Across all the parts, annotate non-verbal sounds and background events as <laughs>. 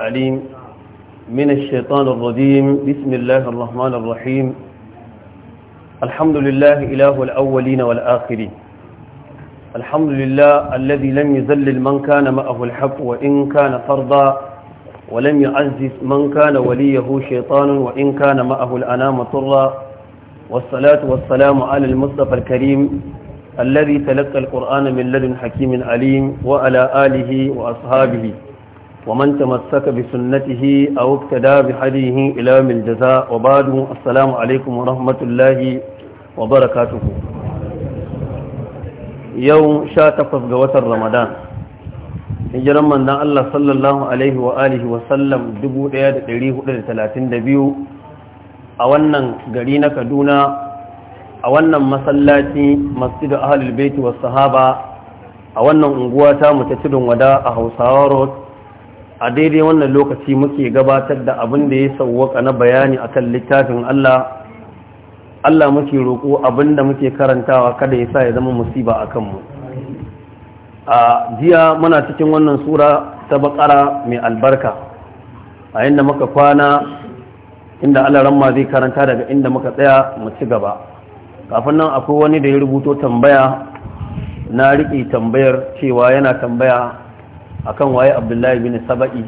عليم من الشيطان الرجيم بسم الله الرحمن الرحيم الحمد لله إله الأولين والآخرين الحمد لله الذي لم يذلل من كان معه الحق وإن كان فرضا ولم يعزز من كان وليه شيطان وإن كان معه الأنام طرا والصلاة والسلام على المصطفى الكريم الذي تلقى القرآن من لدن حكيم عليم وعلى آله وأصحابه ومن تمسك بسنته أو اقتدى بحديه إلى من الجزاء وبعد السلام عليكم ورحمة الله وبركاته يوم شاتفز قوة رمضان hijiran manzon Allah sallallahu alaihi wa alihi wa sallam 1432 a wannan gari na Kaduna a wannan masallaci Masjidu Ahlul Bait was Sahaba a wannan unguwa ta mutudun wada a Hausawa Road a daidai wannan lokaci muke gabatar da abin da ya sauwaka na bayani akan littafin Allah Allah muke roƙo abin da muke karantawa kada ya sa ya zama musiba a kanmu a jiya muna cikin wannan sura ta bakara mai albarka a inda muka kwana inda Allah ramma zai karanta daga inda muka tsaya mu ci gaba kafin nan akwai wani da ya rubuto tambaya na riƙe tambayar cewa yana tambaya akan waye abdullahi bin saba'i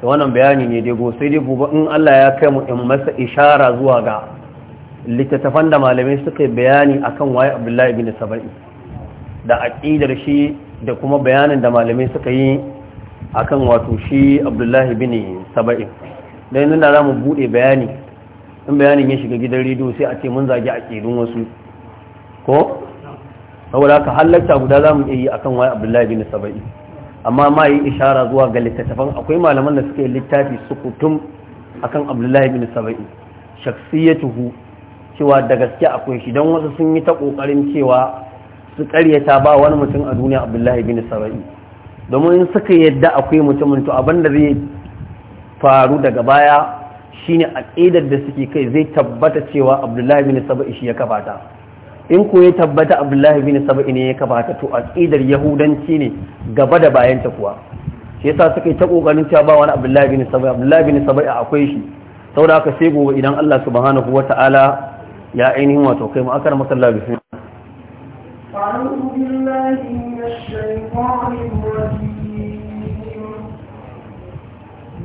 da wannan bayani ne dai go sai dai gobe in Allah ya kai mu in masa ishara zuwa ga littattafan da malamai suka bayani akan waye abdullahi bin saba'i da aqidar shi da kuma bayanin da malamai suka yi akan wato shi abdullahi bin saba'i dan nuna za mu bude bayani in bayanin ya shiga gidan rediyo sai a ce mun zagi aqidun wasu ko saboda ka halarta guda za mu iya yi akan waye abdullahi bin saba'i amma ma yi ishara zuwa ga littattafan akwai malaman da suke littafi su kutum a akan abdullahi bin saba'i shaksiyatuhu cewa da gaske akwai shi don wasu sun yi ta kokarin cewa su karyata ba wani mutum a duniya abdullahi bin saba'i domin in suka yadda akwai mutumin to abin da zai faru daga baya shine aqidar da suke kai zai tabbata cewa abdullahi bin saba'i shi ya kafata in ko ya tabbata abdullahi bin saba'i ne ya kamata to aqidar yahudanci ne gaba da bayan ta kuwa shi yasa suka yi ta kokarin cewa ba wani abdullahi bin saba'i abdullahi bin saba'i akwai shi saboda haka sai gobe idan Allah subhanahu wata'ala ya ainihin wato kai mu akar masallah bisu أعوذ بالله من الشيطان الرجيم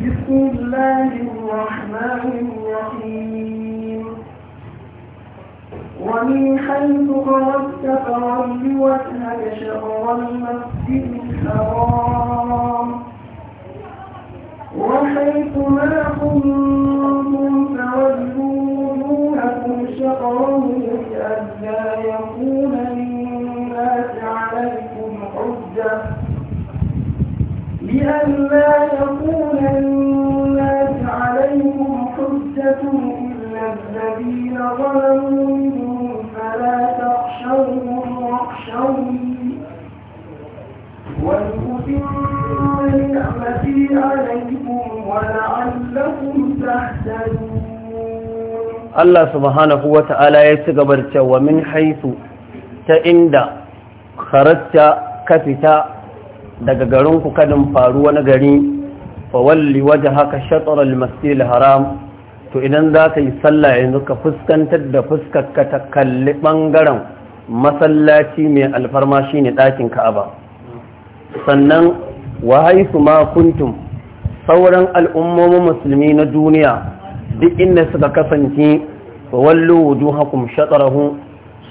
بسم الله الرحمن الرحيم ومن حيث خرجت فول وجهك شر المسجد الحرام وحيث ما كنتم فولوا وجوهكم شطره لئلا يكون للناس عليكم حجة لئلا يكون للناس عليكم حجة إلا الذين ظلموا Allah subhanahu wa ta'ala ya ci gabar cewa min haisu ta inda kharacta ka fita daga garinku kadin faru wani gari walli waje haka shatsarar masjid haram to idan za ka yi sallah yanzu ka fuskantar da fuskarka ta kalli ɓangaren masallaci mai alfarma shine ɗakin ka'aba sannan wa haifu ma kuntum sauran al'ummomin musulmi na duniya duk inda suka kasance wallo wujuhakum shatarahu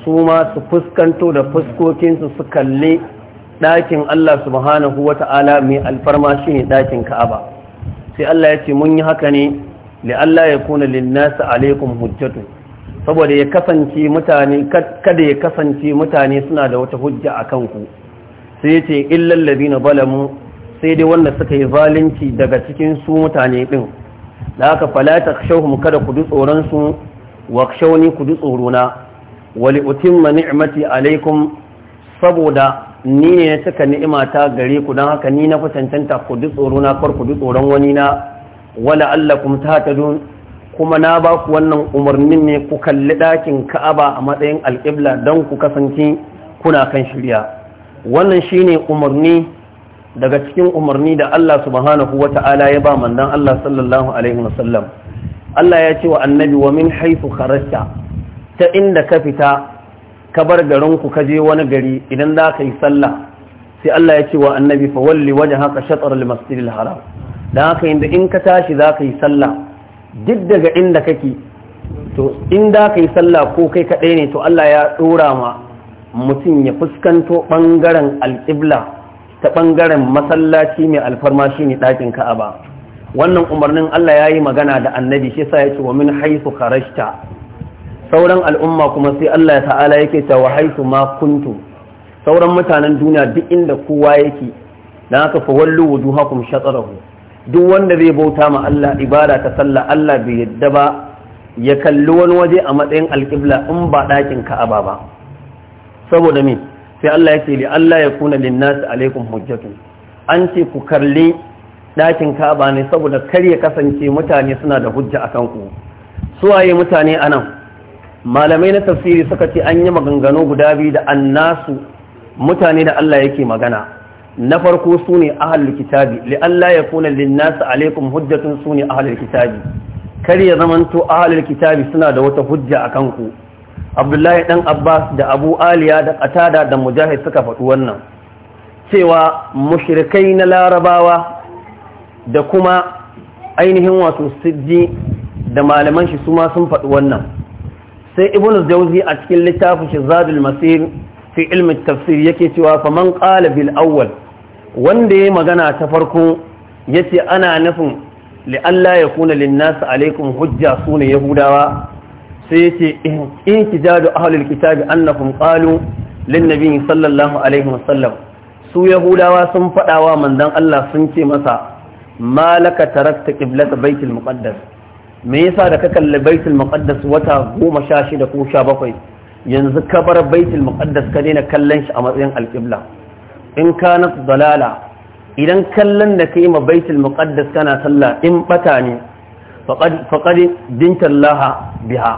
su ma su fuskanto da fuskokinsu su kalli ɗakin Allah subhanahu wa ta'ala mai alfarma shi ne ɗakin ka'aba sai Allah ya ce mun yi haka ne Allah ya kuna linnasa alaikum hujjatu saboda ya kasance mutane kada ya kasance mutane suna da wata hujja a kanku sai ya ce illal ladina balamu sai dai wanda suka yi zalunci daga cikin su mutane din da haka falata takshawhum kada ku du tsoron su wa kshawni ku du tsorona wali utimma ni'mati alaikum saboda ni ne na cika ni'imata gare ku don haka ni na fi cancanta ku du tsorona kar ku du tsoron wani na wala allakum tahtadun kuma na ba ku wannan umarnin ne ku kalli ɗakin ka'aba a matsayin alƙibla don ku kasance kuna kan shirya wannan shine umarni daga cikin umarni da Allah subhanahu ta'ala ya ba mandan Allah sallallahu alaihi wasallam Allah ya ce wa annabi wa min haythu kharajta ta inda ka fita ka bar garin ku ka je wani gari idan za ka yi sallah sai Allah ya ce wa annabi fa walli wajhaka shatr al-masjid al-haram dan haka inda in ka tashi za ka yi sallah duk daga inda kake to inda ka yi sallah ko kai kaɗai ne to Allah ya ɗora ma mutum ya fuskanto ɓangaren alƙibla ta ɓangaren masallaci mai alfarma shi ne ɗakin ka'aba wannan umarnin Allah ya yi magana da annabi shi sa ya ce wa min haisu kharashta sauran al'umma kuma sai Allah ta'ala yake ta wa haisu ma kuntu sauran mutanen duniya duk inda kowa yake dan haka fa wallu wuduhakum shatarahu duk wanda zai bauta ma Allah ibada ta salla, Allah bai yadda ba ya kalli wani waje a matsayin alƙibla in ba ɗakin ka'aba ba saboda me sai Allah yake li Allah ya kuna nasu alaikum hujjatu an ce ku kalli ɗakin ka'aba ne saboda kar ya kasance mutane suna da hujja akan ku suwaye mutane anan malamai na tafsiri suka ce an yi maganganu guda biyu da annasu mutane da Allah yake magana na farko su ne ahalul kitabi li'alla ya kuna linnasa alaikum hujjatun su ne ahalul kitabi kar ya zamanto ahalul kitabi suna da wata hujja a kanku abdullahi dan abbas da abu aliya da qatada da mujahid suka faɗi wannan cewa mushrikai na larabawa da kuma ainihin wato siddi da malaman shi su ma sun faɗi wannan sai ibnu jauzi a cikin littafin shi zadul masir fi ilmin tafsir yake cewa faman qala bil awwal wanda ya magana ta farko ya ce ana nufin li'alla ya kuna linnasa alaikum hujja su ne yahudawa sai ya ce eh, in ki jadu ahalul kitabi annahum qalu linnabi sallallahu alaihi wasallam su yahudawa sun faɗawa manzon Allah sun ce masa malaka tarakta qiblata baitul muqaddas me yasa da ka kalli baitul muqaddas wata goma shida ko bakwai? yanzu ka bar baitul muqaddas ka daina kallon shi a matsayin alqibla in kanat dalala idan kallon da ka yi ma baitul muqaddas kana sallah in bata ne faqad dinta biha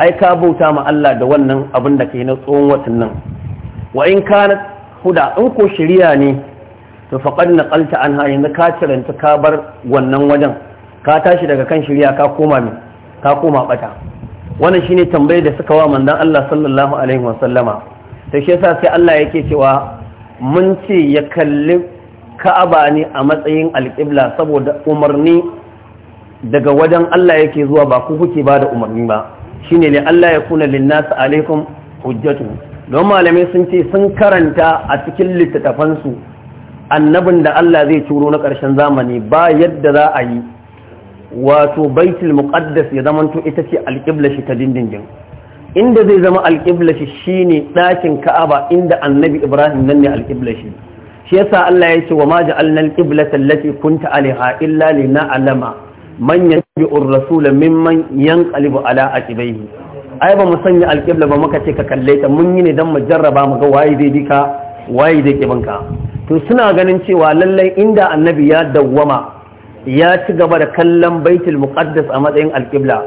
ai ka bauta ma Allah da wannan abin da kai na tsohon watan nan wa in kanat huda in ko shari'a ne to faqad naqalta anha yanzu ka ciranta ka bar wannan wajen ka tashi daga kan shari'a ka koma min ka koma bata wannan shine tambayar da suka wa manzon Allah sallallahu alaihi wasallama to shi yasa sai Allah yake cewa mun ce ya kalli ka'aba ne a matsayin alƙibla saboda umarni daga wajen Allah yake zuwa ba ku kuke ba da umarni ba Shi ne Allah ya kuna linnasa alaikum hujjatu don malamai sun ce sun karanta a cikin littattafansu annabin da Allah zai turo na ƙarshen zamani ba yadda za a yi wato baitul muqaddas ya zamanto ita ce alƙibla shi ta dindindin inda zai zama alƙibla shi ne ɗakin ka'aba inda annabi ibrahim nan ne alƙibla shi shi yasa Allah ya ce wa ma ja'alna al tallafi kun kunta alaiha illa na lina'lama man yabi'ur rasula mimman ƙalibu ala a aqibaihi ai ba mu sanya alƙibla ba muka ce ka kalle ta mun yi ne don mu jarraba mu ga waye zai ka waye zai ka to suna ganin cewa lallai inda annabi ya dawwama ya ci gaba da kallon baitul muqaddas a matsayin alƙibla.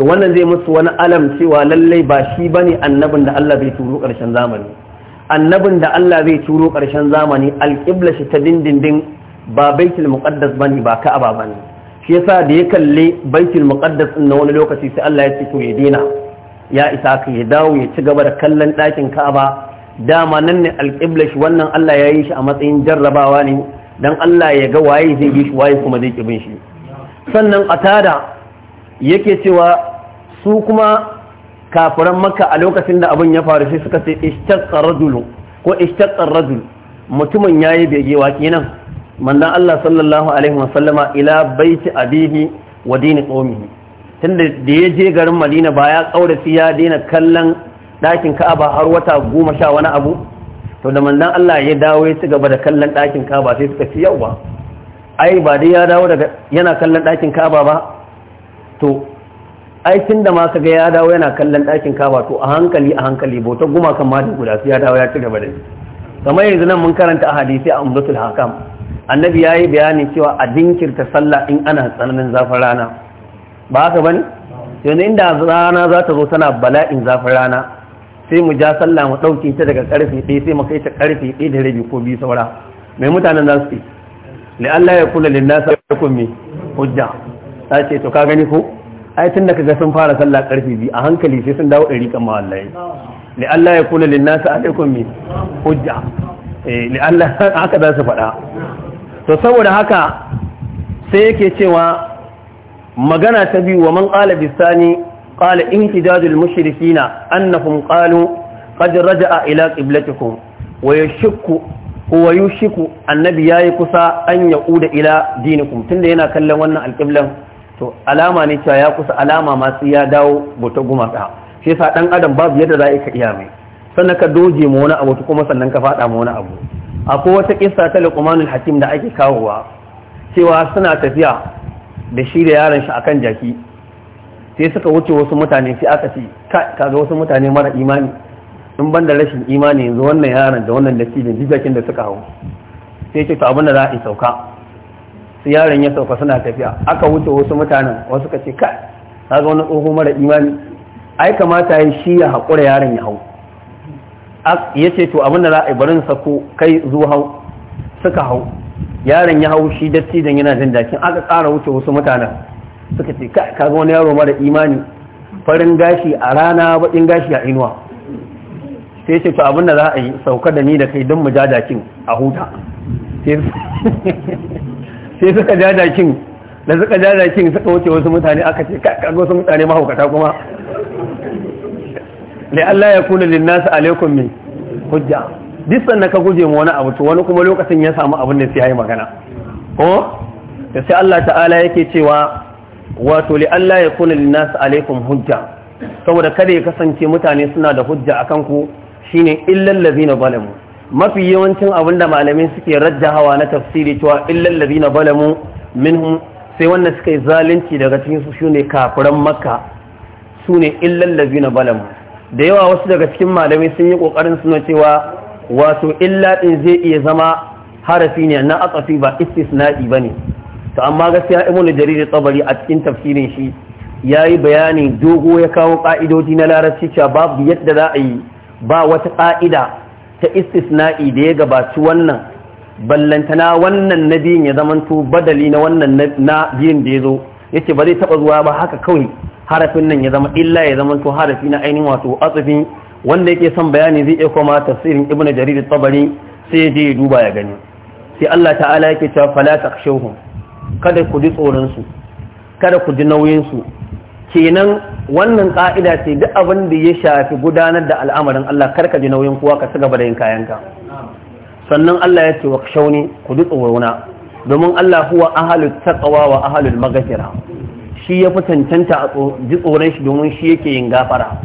to wannan zai musu wani alam cewa lallai ba shi bane annabin da Allah zai turo ƙarshen zamani annabin da Allah zai turo ƙarshen zamani alƙibla shi ta dindindin ba baitul muqaddas bane ba ka'aba bane shi yasa da ya kalle baitul muqaddas din na wani lokaci sai Allah ya ce to ya dena ya isa ka ya dawo ya ci gaba da kallon ɗakin ka'aba dama nan ne alƙibla shi wannan Allah ya yi shi a matsayin jarrabawa ne dan Allah ya ga waye zai bi shi waye kuma zai ƙibin shi sannan a atada yake cewa su kuma kafiran makka a lokacin da abin ya faru sai suka ce ishtaqqa rajul ko ishtaqqa rajul mutumin yayi begewa kenan manzon Allah sallallahu alaihi wa sallama ila baiti abihi wa dini qaumihi tunda da ya je garin Madina ba ya kaurace ya daina kallon ɗakin Ka'aba har wata goma sha wani abu to da manzon Allah ya dawo ya ci gaba da kallon ɗakin Ka'aba sai suka ci yawa ai ba dai ya dawo daga yana kallon ɗakin Ka'aba ba to aikin da ma ga ya dawo yana kallon ɗakin kaba to a hankali a hankali bauta gumakan ma da guda ya dawo ya ci gaba da shi kamar yanzu nan mun karanta a hadisi a umdatul hakam annabi yi bayanin cewa a dinkirta sallah in ana tsananin zafin rana ba haka bane yanzu inda rana za ta zo tana bala'in zafin rana sai mu ja sallah mu ɗauke ta daga karfe ɗaya sai mu kai ta karfe ɗaya da rabi ko biyu saura mai mutanen za su yi la'alla ya kula lin nasa ya kun hujja ta ce to ka gani ko ai tun da kaga sun fara sallah karfi biyu a hankali sai sun dawo ɗari kan mawallaye li Allah ya kula lin nasu alaikum min hujja eh, li Allah <laughs> haka za su faɗa to saboda haka sai yake cewa magana ta biyu wa man qala bisani qala ihtijajul mushrikina annahum qalu qad raja'a ila qiblatikum wa yashku huwa yushku annabi yayi kusa an yauda ila dinikum tunda yana kallon wannan alqiblan to alama ne cewa ya kusa alama masu ya dawo bauta ta shi yasa dan adam babu yadda za ka iya mai sannan ka doje ma wani abu kuma sannan ka fada ma wani abu akwai wata kissa ta luqmanul hakim da ake kawowa cewa suna tafiya da shi da yaron shi akan jaki sai suka wuce wasu mutane sai aka ce ga wasu mutane mara imani in ban da rashin imani yanzu wannan yaron da wannan da shi da suka hau sai ce to abin da za a yi sauka su yaron ya sauka suna tafiya aka wuce wasu mutanen wasu ka ce kai ka ga wani tsoho mara imani ai kamata ya shi ya haƙura yaron ya hau ya ce to abinda za a yi barin sako kai zuwa hau suka hau yaron ya hau shi dattijan yana jin dakin aka ƙara wuce wasu mutanen suka ce kai ka ga wani yaro mara imani farin gashi a rana baƙin gashi a inuwa sai ce to abinda za a yi sauka da ni da kai don mu ja dakin a huta <laughs> sai suka ja jakin da suka ja suka wuce wasu mutane aka ce kaga wasu mutane mahaukata kuma da Allah ya kuna linnasu alaikum min hujja duk sannan ka guje mu wani abu to wani kuma lokacin ya samu abin da sai yayi magana ko sai Allah ta'ala yake cewa wato li Allah ya kuna linnasu alaikum hujja saboda kada ya kasance mutane suna da hujja akan ku shine illal ladina zalamu mafi yawancin abin da malamin suke rajja hawa na tafsiri cewa illal ladina balamu minhum sai wanda suka zalunci daga cikin su shine kafiran makka sune illal ladina balamu da yawa wasu daga cikin malamai sun yi kokarin suna cewa wato illa din zai iya zama harafi ne na atsafi ba istisna'i bane to amma gaskiya ibnu jarir tabari a cikin tafsirin shi yayi bayani dogo ya kawo ka'idoji na larabci cewa babu yadda za a yi ba wata ka'ida ta istisna'i da ya gabaci wannan ballantana wannan na biyun ya zamanto badali na wannan na biyun da ya zo ya ce ba zai taɓa zuwa ba haka kawai harafin nan ya zama illa ya zamanto harafi na ainihin wato atsufi wanda yake son bayani zai iya koma tafsirin ibn jarir tabari sai je ya duba ya gani sai Allah ta'ala yake cewa fala takshawhum kada ku ji tsoron su kada ku ji nauyin su kenan wannan ƙa'ida ce duk abin da ya shafi gudanar da al'amarin Allah karka ji nauyin kuwa ka gaba da yin kayanka sannan Allah ya ce wa shauni ku duk wuruna, domin Allah huwa ahalul taqwa wa ahalul maghfira shi ya fi cancanta a ji tsoron shi domin shi yake yin gafara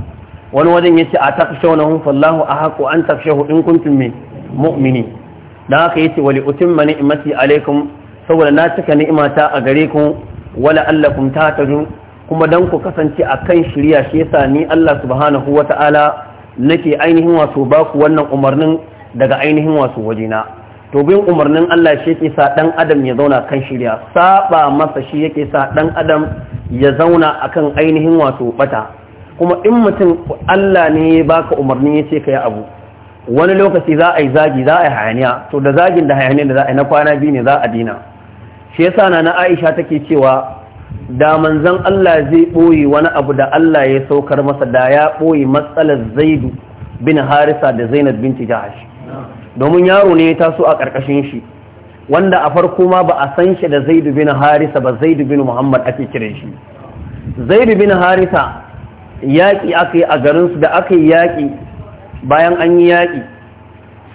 wani wajen ya ce a takshawna fallahu ahaqu an takshahu in kuntum mu'mini dan haka yace wali utimma ni'mati alaikum saboda na cika ni'imata a gare ku wala allakum tahtadun kuma dan ku kasance a kan shirya shi yasa ni Allah subhanahu ta'ala nake ainihin wato ba ku wannan umarnin daga ainihin wato wajena to bin umarnin Allah shi yake sa dan adam ya zauna kan shirya saɓa masa shi yake sa ɗan adam ya zauna akan ainihin wato bata kuma in mutum Allah ne ya baka umarnin ya ce kai abu wani lokaci za a yi zagi za a yi hayaniya to da zagin da hayaniya da za a yi na kwana biyu ne za a dina shi yasa na na Aisha take cewa da manzan Allah zai ɓoye wani abu da Allah ya saukar masa da ya ɓoye matsalar zaidu bin harisa da zainab binti jahash domin yaro ne ya taso a ƙarƙashin shi wanda a farko ma ba a san shi da zaidu bin harisa ba zaidu bin muhammad ake kiran shi zaidu bin harisa yaƙi aka yi a garinsu da aka yi yaƙi bayan an yi yaƙi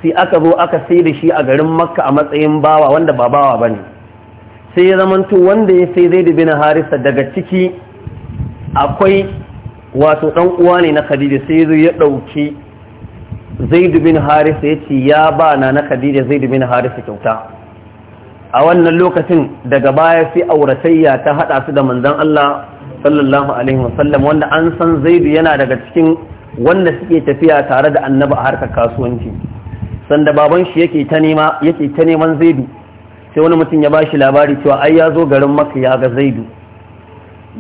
sai aka zo aka sai da shi a garin makka a matsayin bawa wanda ba bawa ba ne sai ya zamanto wanda ya sai zai na harisa daga ciki akwai wato dan uwa ne na khadija sai ya ɗauki dauki zaid bin harisa ce ya ba na na khadija zaid bin harisa kyauta a wannan lokacin daga baya sai auratayya ta haɗa su da manzon Allah sallallahu alaihi wasallam wanda an san Zaidu yana daga cikin wanda suke tafiya tare da annabi a harkar kasuwanci sanda baban shi yake ta nema yake ta neman zaidu sai wani mutum ya ba shi labari cewa ai ya zo garin maka ya ga zaidu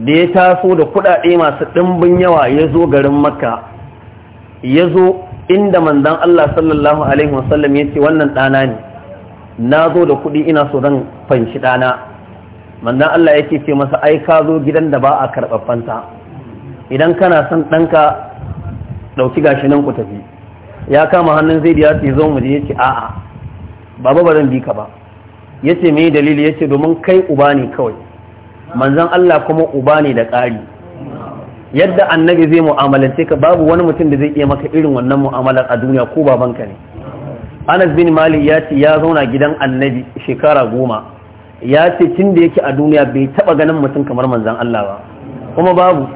da ya taso da kuɗaɗe masu ɗimbin yawa ya zo garin maka ya zo inda manzan Allah sallallahu alaihi wasallam ya ce wannan ɗana ne na zo da kuɗi ina so zan fanshi ɗana manzan Allah ya ce masa ai ka zo gidan da ba a karɓaffanta idan kana son ɗanka ɗauki gashi nan ku tafi ya kama hannun zai ya ce zo mu je ya ce a'a baba ba zan bi ka ba ya ce mai dalili ya ce domin kai uba ne kawai manzan Allah kuma uba ne da ƙari yadda annabi zai mu'amalance ka babu wani mutum da zai iya maka irin wannan mu'amalar a duniya ko babanka ne anas bin mali ya ce ya zauna gidan annabi shekara goma ya ce tun da yake a duniya bai taba ganin mutum kamar manzan Allah ba kuma babu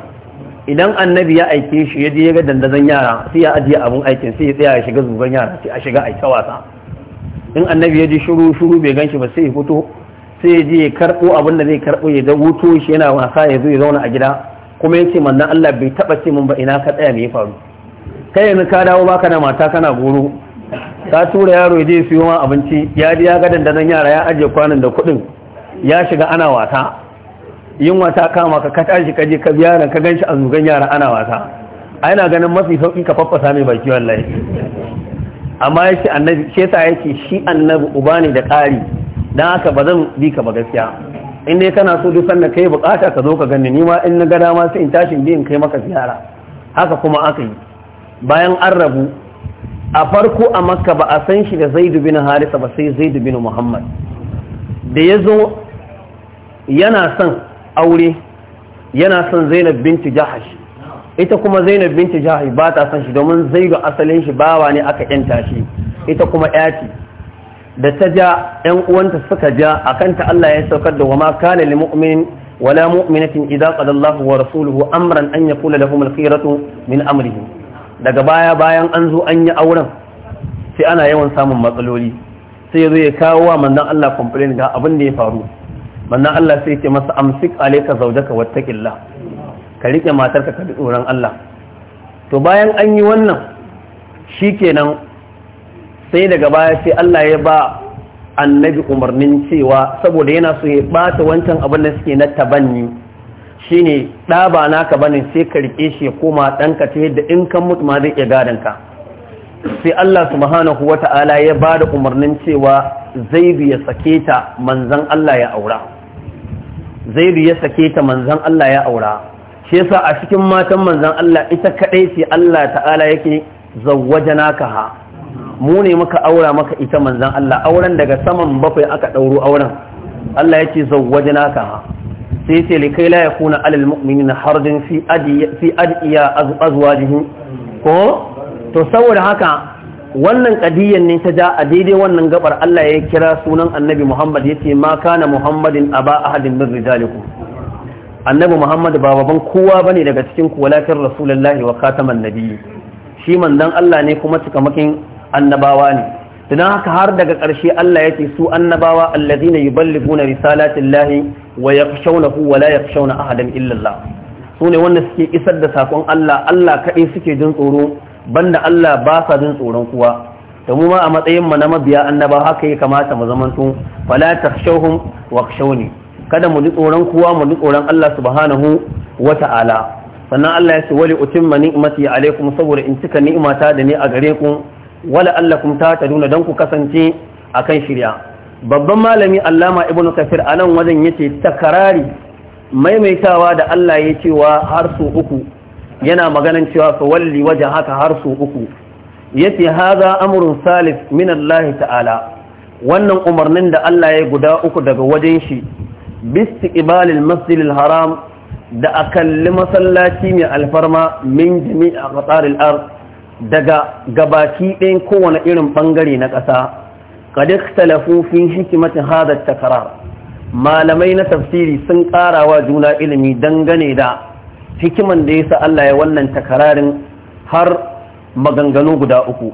idan annabi ya aike shi ya je ya ga dandazon yara sai ya ajiye abin aikin sai ya tsaya ya shiga zuban yara sai a shiga aika wasa in annabi ya ji shuru shuru bai ganshi ba sai ya fito sai ya je ya karbo abin da zai karbo ya wuto shi yana wasa ya zo ya zauna a gida kuma ya ce manzon Allah bai taba ce mun ba ina ka tsaya me ya faru kai yanzu ka dawo baka da mata kana goro ka tura yaro ya je siyo ma abinci ya ji ya ga dandanan yara ya ajiye kwanan da kuɗin ya shiga ana wasa yin wasa kama ka ka tashi ka je ka biya ka ganshi a zugan yara ana wasa a yana ganin mafi sauƙi ka faffasa mai baki wallahi amma ya ce annabi shi ya ce shi annabi uba ne da ƙari don haka ba zan bi ka ba gaskiya in dai kana so duk sanda kai bukata ka zo ka gani ni ma in na gada ma sai in tashin biyan kai maka ziyara haka kuma aka yi bayan an rabu a farko a makka ba a san shi da zaidu bin harisa ba sai zaidu bin muhammad da ya zo yana son aure yana son zainab binti jahash ita kuma zainab binti jahi ba ta san shi domin zaidu asalin shi bawa ne aka yanta shi ita kuma yaci da ta ja yan uwanta suka ja akan ta Allah ya saukar da wama kana lil mu'min wala mu'minatin idza qada Allahu wa rasuluhu amran an yakula lahum al-khiyaratu min amrihi daga baya bayan an zo an yi auren sai ana yawan samun matsaloli sai yazo ya kawo wa manzon Allah complain ga abin da ya faru manzon Allah sai ya ce masa amsik alayka zawjaka wattaqillah ka riƙe matarka ka bi tsoron Allah to bayan an yi wannan shikenan sai daga baya sai Allah ya ba annabi umarnin cewa saboda yana so ya bata wancan abin da suke na tabanni shine ɗa ba naka bane sai ka riƙe shi ya koma ɗanka ta yadda in kan mutu ma zai iya gadon ka sai Allah subhanahu ta'ala ya ba da umarnin cewa zaidu ya sake ta manzan Allah ya aura zaidu ya sake ta manzan Allah ya aura shi yasa a cikin matan manzon Allah ita kadai ce Allah ta'ala yake zawwajanaka kaha mu ne muka aura maka ita manzon Allah auren daga saman bakwai aka dauro auren Allah yake zawwajanaka kaha sai ce likai la yakuna alal mu'minina harjin fi adiya fi adiya azwajihim ko to saboda haka wannan kadiyan ne ta ja a daidai wannan gabar Allah ya kira sunan annabi Muhammad yace ma kana Muhammadin aba ahadin min rijalikum annabi muhammad ba baban kowa bane daga cikin ku walakin rasulullahi wa khataman nabiyyi shi manzon Allah ne kuma cikamakin annabawa ne dan haka har daga ƙarshe Allah yake su annabawa alladhina yuballighuna risalatillahi wa yakhshawnahu wa la yakhshawna ahadan illa Allah su ne wanda suke isar da sakon Allah Allah kaɗai suke jin tsoro banda Allah ba sa jin tsoron kuwa da mu ma a matsayin mu na mabiya annaba haka ya kamata mu zamanto fala takhshawhum wa khshawni kada mu ji tsoron kowa mu ji tsoron Allah subhanahu wa ta'ala sannan Allah ya ce wali utimma ni'mati alaikum saboda in cika ni'imata da ni a gare ku wala allakum tataduna dan ku kasance akan shirya babban malami Allama Ibn kafir a nan wajen yace takarari maimaitawa da Allah ya cewa har su uku yana maganan cewa fa walli haka har su uku ce haza amrun salif min Allah ta'ala wannan umarnin da Allah ya guda uku daga wajen shi باستقبال المسجد الحرام da a kalli masallaci mai alfarma min jimi a ƙasar al'ar daga gabaki ɗin kowane irin ɓangare na ƙasa ƙadik talafofin hikimatin hadar takarar malamai na tafsiri sun ƙarawa juna ilimi dangane da hikiman da ya sa Allah ya wannan takararin har maganganu guda uku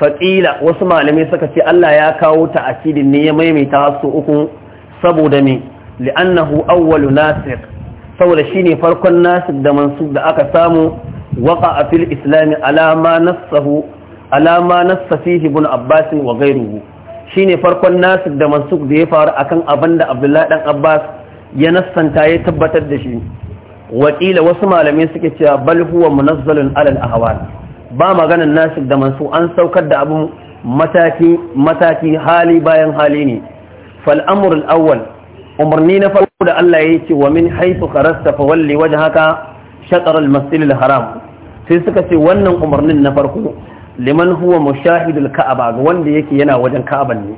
faƙila wasu malamai suka ce Allah ya kawo ta akidin ne ya maimaita su uku saboda me li'annahu auwalu nasir saboda shine farkon nasir da mansub da aka samu waka a fil islami alama nassahu alama nassa fihi ibn abbas wa ghayruhu shine farkon nasir da mansub da ya faru akan abinda abdullahi dan abbas ya nassanta ya tabbatar da shi wakila wasu malamai suke cewa bal huwa munazzalun alal ahwal ba maganan nasir da mansu an saukar da abun mataki mataki hali bayan hali ne fal amr al awwal umarni na farko da Allah ya ce wa min haifu karasta fa walli wajhaka shatr al-masjid al-haram sai suka ce wannan umarnin na farko liman huwa mushahidul ka'aba ga wanda yake yana wajen ka'aban ne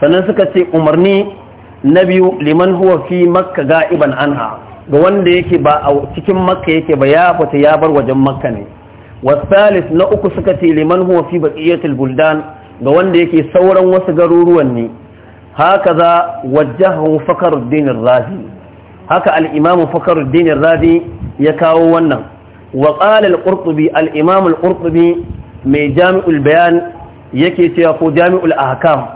sannan suka ce umarni na biyu liman huwa fi makka ga'iban anha ga wanda yake ba a cikin makka yake ba ya fata ya bar wajen makka ne wasalis na uku suka ce liman huwa fi baqiyatil buldan ga wanda yake sauran wasu garuruwan ne hakaza wajjahu fakhruddin ar-razi haka al-imam fakhruddin razi ya kawo wannan wa qala al-qurtubi mai jami'ul bayan yake cewa ko jami'ul ahkam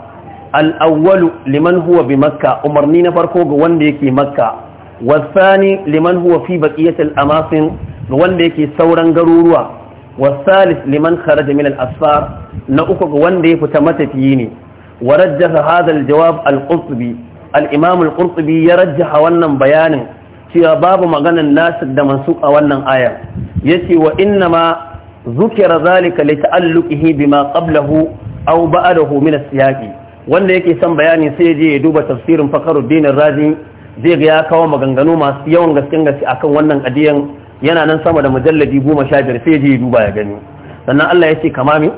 al-awwal liman huwa bi makka umarni na farko ga wanda yake makka wasani liman huwa fi baqiyati amasin amasin wanda yake sauran garuruwa wasalis liman kharaja min al-asfar na uku ga wanda ya fita matafiyi ne ورجح هذا الجواب القرطبي الإمام القرطبي يرجح ونن bayanin cewa babu maganan nasir da mansuk a wannan ayar yace wa innama zukira zalika li ta'alluqihi bima qablahu aw ba'dahu min as-siyaqi wanda yake son bayanin sai je ya duba tafsirin Fakhruddin Razi zai ga ya kawo maganganu masu yawan gaskin gaske akan wannan adiyan yana nan sama da mujalladi 15 sai je ya duba ya gani sannan Allah yace kama me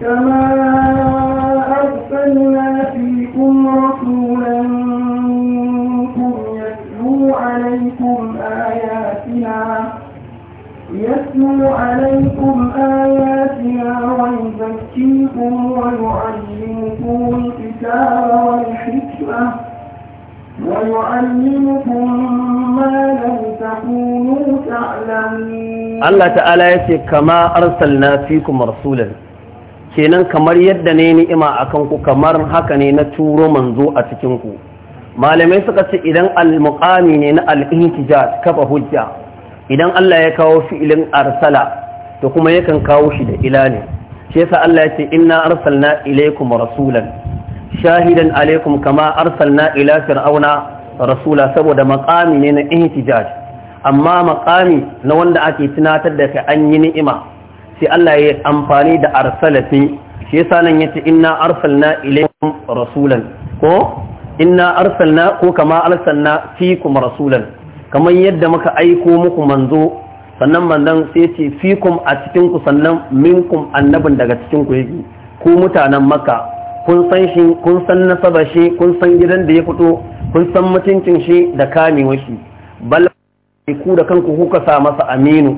kama أرسلنا فيكم رسولا منكم يتلو عليكم آياتنا يتلو عليكم آياتنا ويزكيكم ويعلمكم الكتاب والحكمة ويعلمكم ما لم تكونوا تعلمون الله تعالى يقول كما أرسلنا فيكم رسولا kenan kamar yadda ne ni'ima akan ku kamar haka ne na turo manzo a cikin ku malamai suka ce idan al ne na al kafa hujja idan Allah ya kawo fi'ilin arsala to kuma yakan kawo shi da ila ne shi yasa Allah ya ce inna arsalna ilaykum rasulan shahidan alaykum kama arsalna ila fir'auna rasula saboda maqami ne na ihtijaj amma maqami na wanda ake tunatar da kai an yi ni'ima sai Allah ya amfani da arsalati shi yasa nan yace inna arsalna ilaykum rasulan ko inna arsalna ko kama arsalna fiikum rasulan kamar yadda muka aiko muku manzo sannan manzon sai yace fiikum a cikin ku sannan minkum annabin daga cikin ku yake ku mutanen makka kun san shi kun san nasaba shi kun san gidan da ya fito kun san mutuncin shi da kamewa shi bal ku da kanku kuka sa masa aminu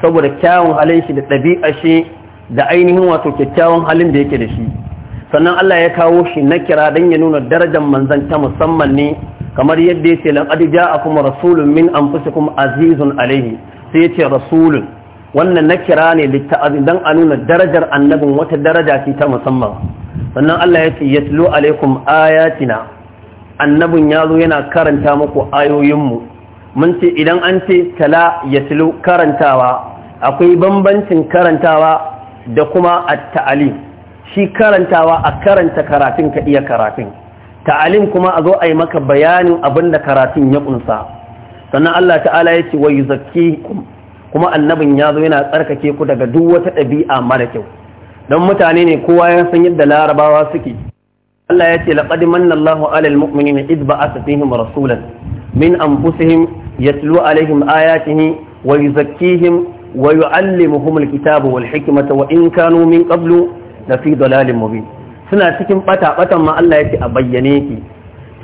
saboda kyawun halin shi da ɗabi'a shi da ainihin wato kyakkyawan halin da yake da shi sannan Allah ya kawo shi na kira don ya nuna darajar manzan ta musamman ne kamar yadda ya ce a kuma rasulun min an kuma azizun alaihi sai ya ce rasulun wannan na kira ne littafi don a nuna darajar annabin wata daraja ce ta musamman sannan Allah ya ce yatlu alaikum ayatina annabin ya zo yana karanta muku ayoyinmu mun ce idan an ce tala ya tilo karantawa akwai bambancin karantawa da kuma a taalim shi karantawa a karanta karatun ka iya karatun ta'alim kuma a zo a yi maka bayanin abin da karatun ya kunsa sannan Allah ta'ala ya ce wa yuzakkikum kuma annabin ya zo yana tsarkake ku daga duk wata ɗabi'a mara kyau don mutane ne kowa ya san yadda larabawa suke Allah ya ce laqad manna Allahu 'alal mu'minina id fihim rasulan min anfusihim yatlu alaihim ayatihi wa yuzakkihim wa yu'allimuhum alkitaba wal hikmata wa in kanu min qablu lafi dalalin mubin suna cikin bata batan ma Allah yake a bayyane ki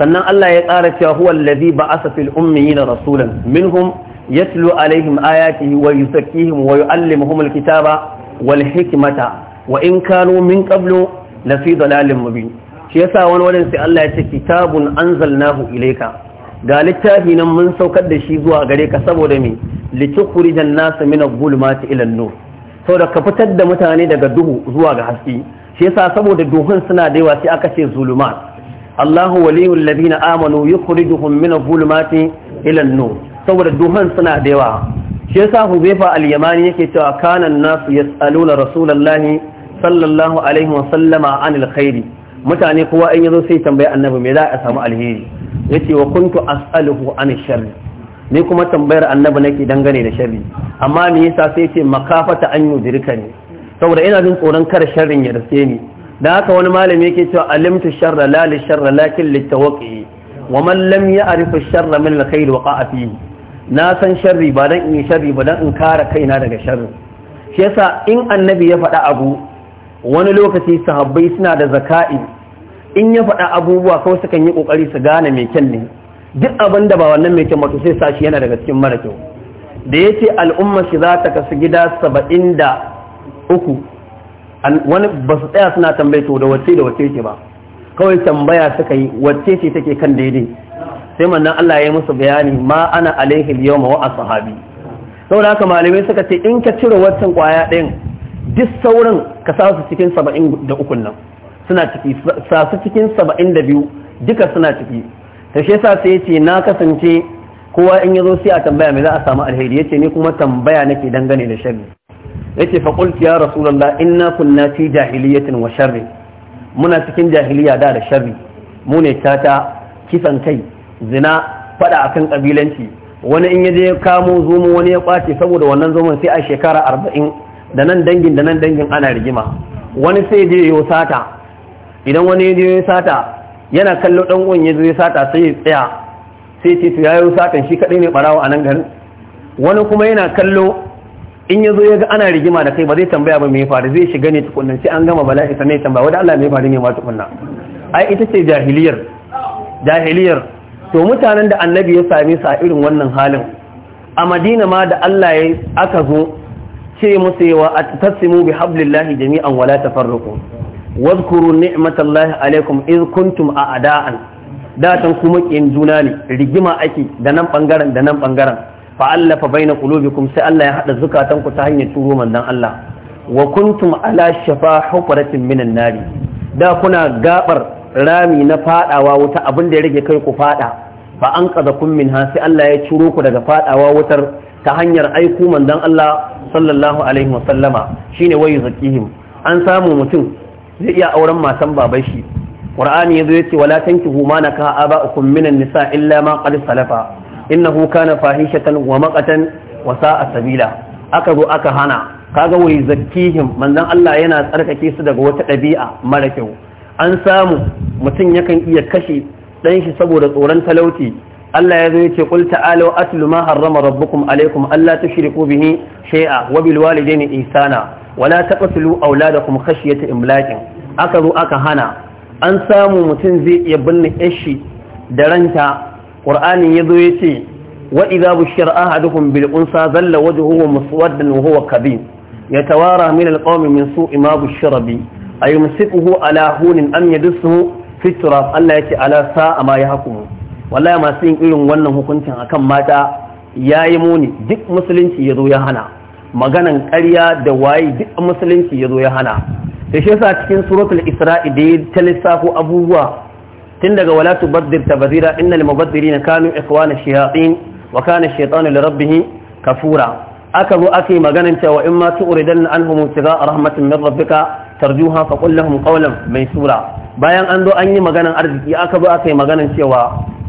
sannan Allah ya ƙara cewa huwa allazi ba'asa fil ummiyina rasulan minhum yatlu alaihim ayatihi wa yuzakkihim wa yu'allimuhum alkitaba wal hikmata wa in kanu min qablu lafi dalalin mubin shi yasa wani wurin sai Allah ya ce kitabun anzalnahu ilayka ga littafi nan mun saukar da shi zuwa gare ka saboda mai littafi da nasa mina gulma ta ila nur saboda ka fitar da mutane daga duhu zuwa ga haske shi yasa saboda duhun suna da yawa sai aka ce zuluma Allahu waliyul ladina amanu yukhrijuhum min adh-dhulumati ila an-nur saboda duhun suna da yawa shi yasa Huzaifa al-Yamani yake cewa kana an-nasu yas'aluna rasulullahi sallallahu alaihi wa sallama anil khairi mutane kowa in yazo sai tambayi annabi me za a samu alheri yace wa kuntu as'aluhu an sharri ni kuma tambayar annabi nake dangane da sharri amma me yasa sai yace makafata an yudrika ne saboda ina jin tsoron kar sharrin ya rase ni da haka wani malami yake cewa alimtu sharra la li sharra lakin litawqi wa man lam ya'rif ash-sharra min al-khayr waqa'a fihi na san sharri ba dan in yi sharri ba dan in kare kaina daga sharri shi yasa in annabi ya faɗa abu wani lokaci sahabbai suna da zaka'i in ya faɗa abubuwa kawai sukan yi ƙoƙari su gane mai kyan ne duk abin da ba wannan mai kyan to sai sashi yana daga cikin mara kyau da ya ce al'umma shi za ta kasu gida saba'in da uku wani ba su tsaya suna to da wacce da wacce ce ba kawai tambaya suka yi wacce ce take kan daidai sai mannan Allah ya yi musu bayani ma ana alaihi yau ma wa'a sahabi saboda haka malamai suka ce in ka cire waccan kwaya ɗin duk sauran ka sa su cikin saba'in da ukun nan suna ciki sasu cikin saba'in da biyu duka suna ciki ta shi sa sai ce na kasance kowa in ya zo sai a tambaya mai za a samu alheri yace ni kuma tambaya nake dangane da sharri yace fa qult ya rasulullah inna kunna fi jahiliyatin wa sharri muna cikin jahiliya da da sharri mu ne tata kisan kai zina fada akan kabilanci wani in yaje ya kamo zomo wani ya kwace saboda wannan zomon sai a shekara arba'in da nan dangin da nan dangin ana rigima wani sai je yo sata idan wani ya sata yana kallo dan uwan ya zo ya sata sai ya tsaya sai ce to yayo satan shi kadai ne barawo a nan garin wani kuma yana kallo in ya zo ya ga ana rigima da kai ba zai tambaya ba me faru zai shiga ne tukunna sai an gama bala'i ya tambaya wanda Allah me faru ne ma tukunna ai ita ce jahiliyar jahiliyar to mutanen da annabi ya same su a irin wannan halin a madina ma da Allah ya aka zo ce musu yawa a tattassimu bi hablillahi jami'an wala tafarruqu wadhkuru ni'matallahi alaikum iz kuntum a'da'an da tan kuma kin juna ne rigima ake da nan bangaren da nan bangaren fa allafa baina qulubikum sai Allah ya haɗa zukatan ku ta hanyar turo manzon Allah wa kuntum ala shafa hufratin minan nari da kuna gaɓar rami na faɗawa wuta abin da ya rage kai ku faɗa. fa an qada kun minha sai Allah ya ciro ku daga faɗawa wutar ta hanyar aiku manzon Allah sallallahu alaihi wasallama shine wayu zakihim an samu mutum zai iya auren matan baban shi qur'ani yazo yace wala tankihu ma naka aba'ukum minan nisa illa ma qad salafa innahu kana fahishatan wa maqatan wa sa'a sabila aka zo aka hana kaga wai zakkihim manzon Allah yana tsarkake su daga wata ɗabi'a mara kyau an samu mutum yakan iya kashe dan shi saboda tsoron talauci Allah ya zo ya ce qul ta'alu atlu ma harrama rabbukum alaykum alla tushriku bihi shay'a wa bil walidayni ihsana wala kashi auladakum khashyata imlaqin aka zo aka hana an samu mutum zai iya binne yashi da ranta ƙur'ani yazo yace wa idza bushira ahadukum bil unsa zalla wajhuhu muswaddan wa huwa ya tawara min al qawmi min su'i ma bushira bi ayumsikuhu ala hunin am yadsuhu fi fitura. Allah yace ala sa'a ma yahkumu wallahi masu yin irin wannan hukuncin akan mata yayi muni duk musulunci yazo ya hana maganan ƙarya da waye duk musulunci ya zo ya hana da shi yasa cikin suratul isra'i da ya ta lissafo abubuwa tun daga wala tubaddir tabazira innal mubaddirina kanu ikhwana shayatin wa kana shaytanu li rabbih kafura aka zo aka yi maganan cewa in ma tu'ridan anhum tiga rahmatin min rabbika tarjuha fa qul lahum qawlan maysura bayan an zo anyi yi maganan arziki aka zo aka yi maganan cewa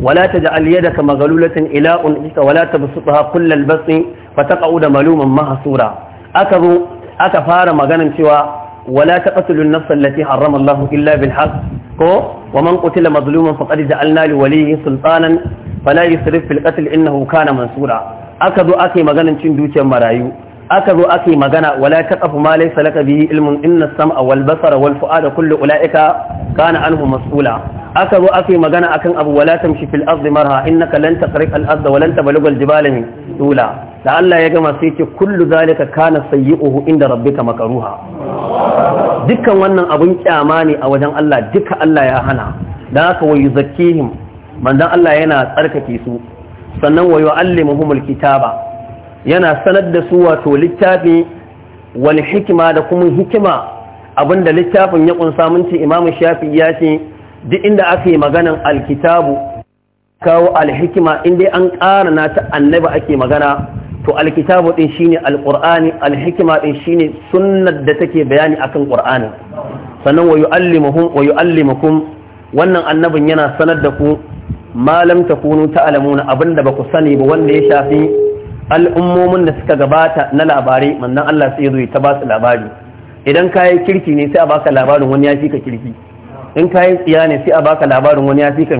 wala taj'al yadaka maghlulatan ila un ita wala tabsutha kull albasi fa taqud maluman mahsura aka zo aka fara maganan cewa wala taqtul an-nafs allati harrama illa bil ko wa man qutila mazluman faqad ja'alna li waliyyi sultanan fala yusrif fil qatl innahu kana mansura aka zo aka yi maganan cin dukiyar marayu aka zo aka yi magana wala taqafu ma laysa laka bihi ilmun inna as-sam'a wal basara wal fu'ada kullu ulaika kana anhu mas'ula aka zo aka yi magana akan abu wala tamshi fil ardi marha innaka lan taqriq al arda wa lan tablugha al jibala tula da Allah ya gama sai ce kullu zalika kana sayyi'uhu inda rabbika makruha dukkan wannan abun kyama ne a wajen Allah duka Allah ya hana dan haka wayu zakkihim manzon Allah yana tsarkake su sannan wayu allimuhumul kitaba yana sanar da su wato littafi wani hikima da kuma hikima abinda littafin ya kunsa mun ce imamu shafi ya ce duk inda aka yi maganan alkitabu kawo alhikima inda an ƙara na ta annabi ake magana to alkitabu shi ne Alƙur'ani, alhikima shi shine sunnar da take bayani akan ƙur'ani sannan wa yu'allimuhum wa yu'allimukum wannan annabin yana sanar da ku ma lam ta alamuna abinda ba ku sani ba wanda ya shafi al'ummomin da suka gabata na labarai manzon Allah sai zo ta ba su labari idan kayi kirki ne sai a baka labarin wani ya fi ka kirki in kayi tsiya ne sai a baka labarin wani ya fi ka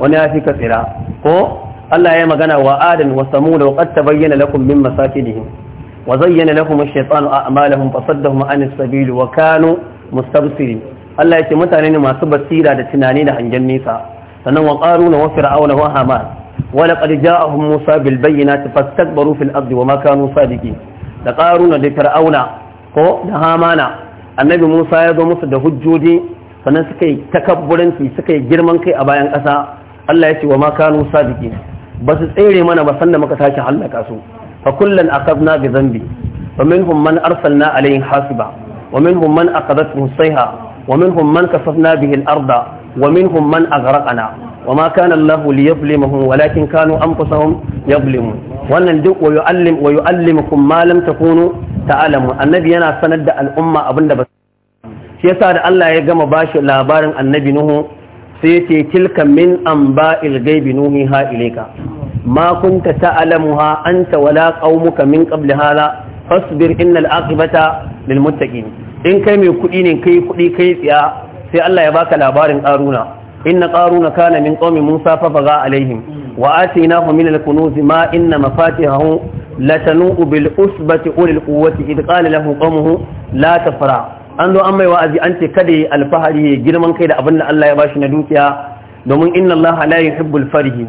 wani ya fi ka tsira ko Allah ya magana wa adan wa da wa qad bayyana lakum min masakinihim wa zayyana lakum ash a a'malahum fasaddahum 'anis sabil wa kanu mustabsirin Allah ce mutane ne masu basira da tunani da hangen nesa sannan wa qaruna wa fir'auna wa haman ولقد جاءهم موسى بالبينات فاستكبروا في wa وما كانوا صادقين da ƙaruna da fir'auna ko da hamana annabi musa ya zo musu da hujjoji sannan suka yi takabburanci suka yi girman kai a bayan ƙasa allah ya ce wa makanu sadiki ba su tsere mana ba sanda muka tashi hallaka su fa kullan akabna bi zambi wa minhum man arsalna alayhi hasiba wa minhum man aqadathu sayha wa minhum man kasafna bihi al-arda ومنهم من أغرقنا وما كان الله ليظلمهم ولكن كانوا أنفسهم يظلمون وأن دق ويؤلم ويؤلمكم ما لم تكونوا تعلموا النبي أنا سند الأمة أبن بس يسار الله يقام باش لابار النبي نوه سيتي تلك من أنباء الغيب نوهيها إليك ما كنت تعلمها أنت ولا قومك من قبل هذا فاصبر إن العاقبة للمتقين إن كان يكون إن كي كي كي sai Allah ya baka labarin ƙaruna inna ƙaruna kana min qaumi Musa fa baga alaihim wa atainahu min al-kunuz ma inna mafatihahu latanu'u bil usbati ulil quwwati id qala lahu qaumuhu la tafra an zo an mai wa'azi an ce kada yi alfahari ya girman kai da abin da Allah ya bashi na dukiya domin inna Allah la hibbul farihi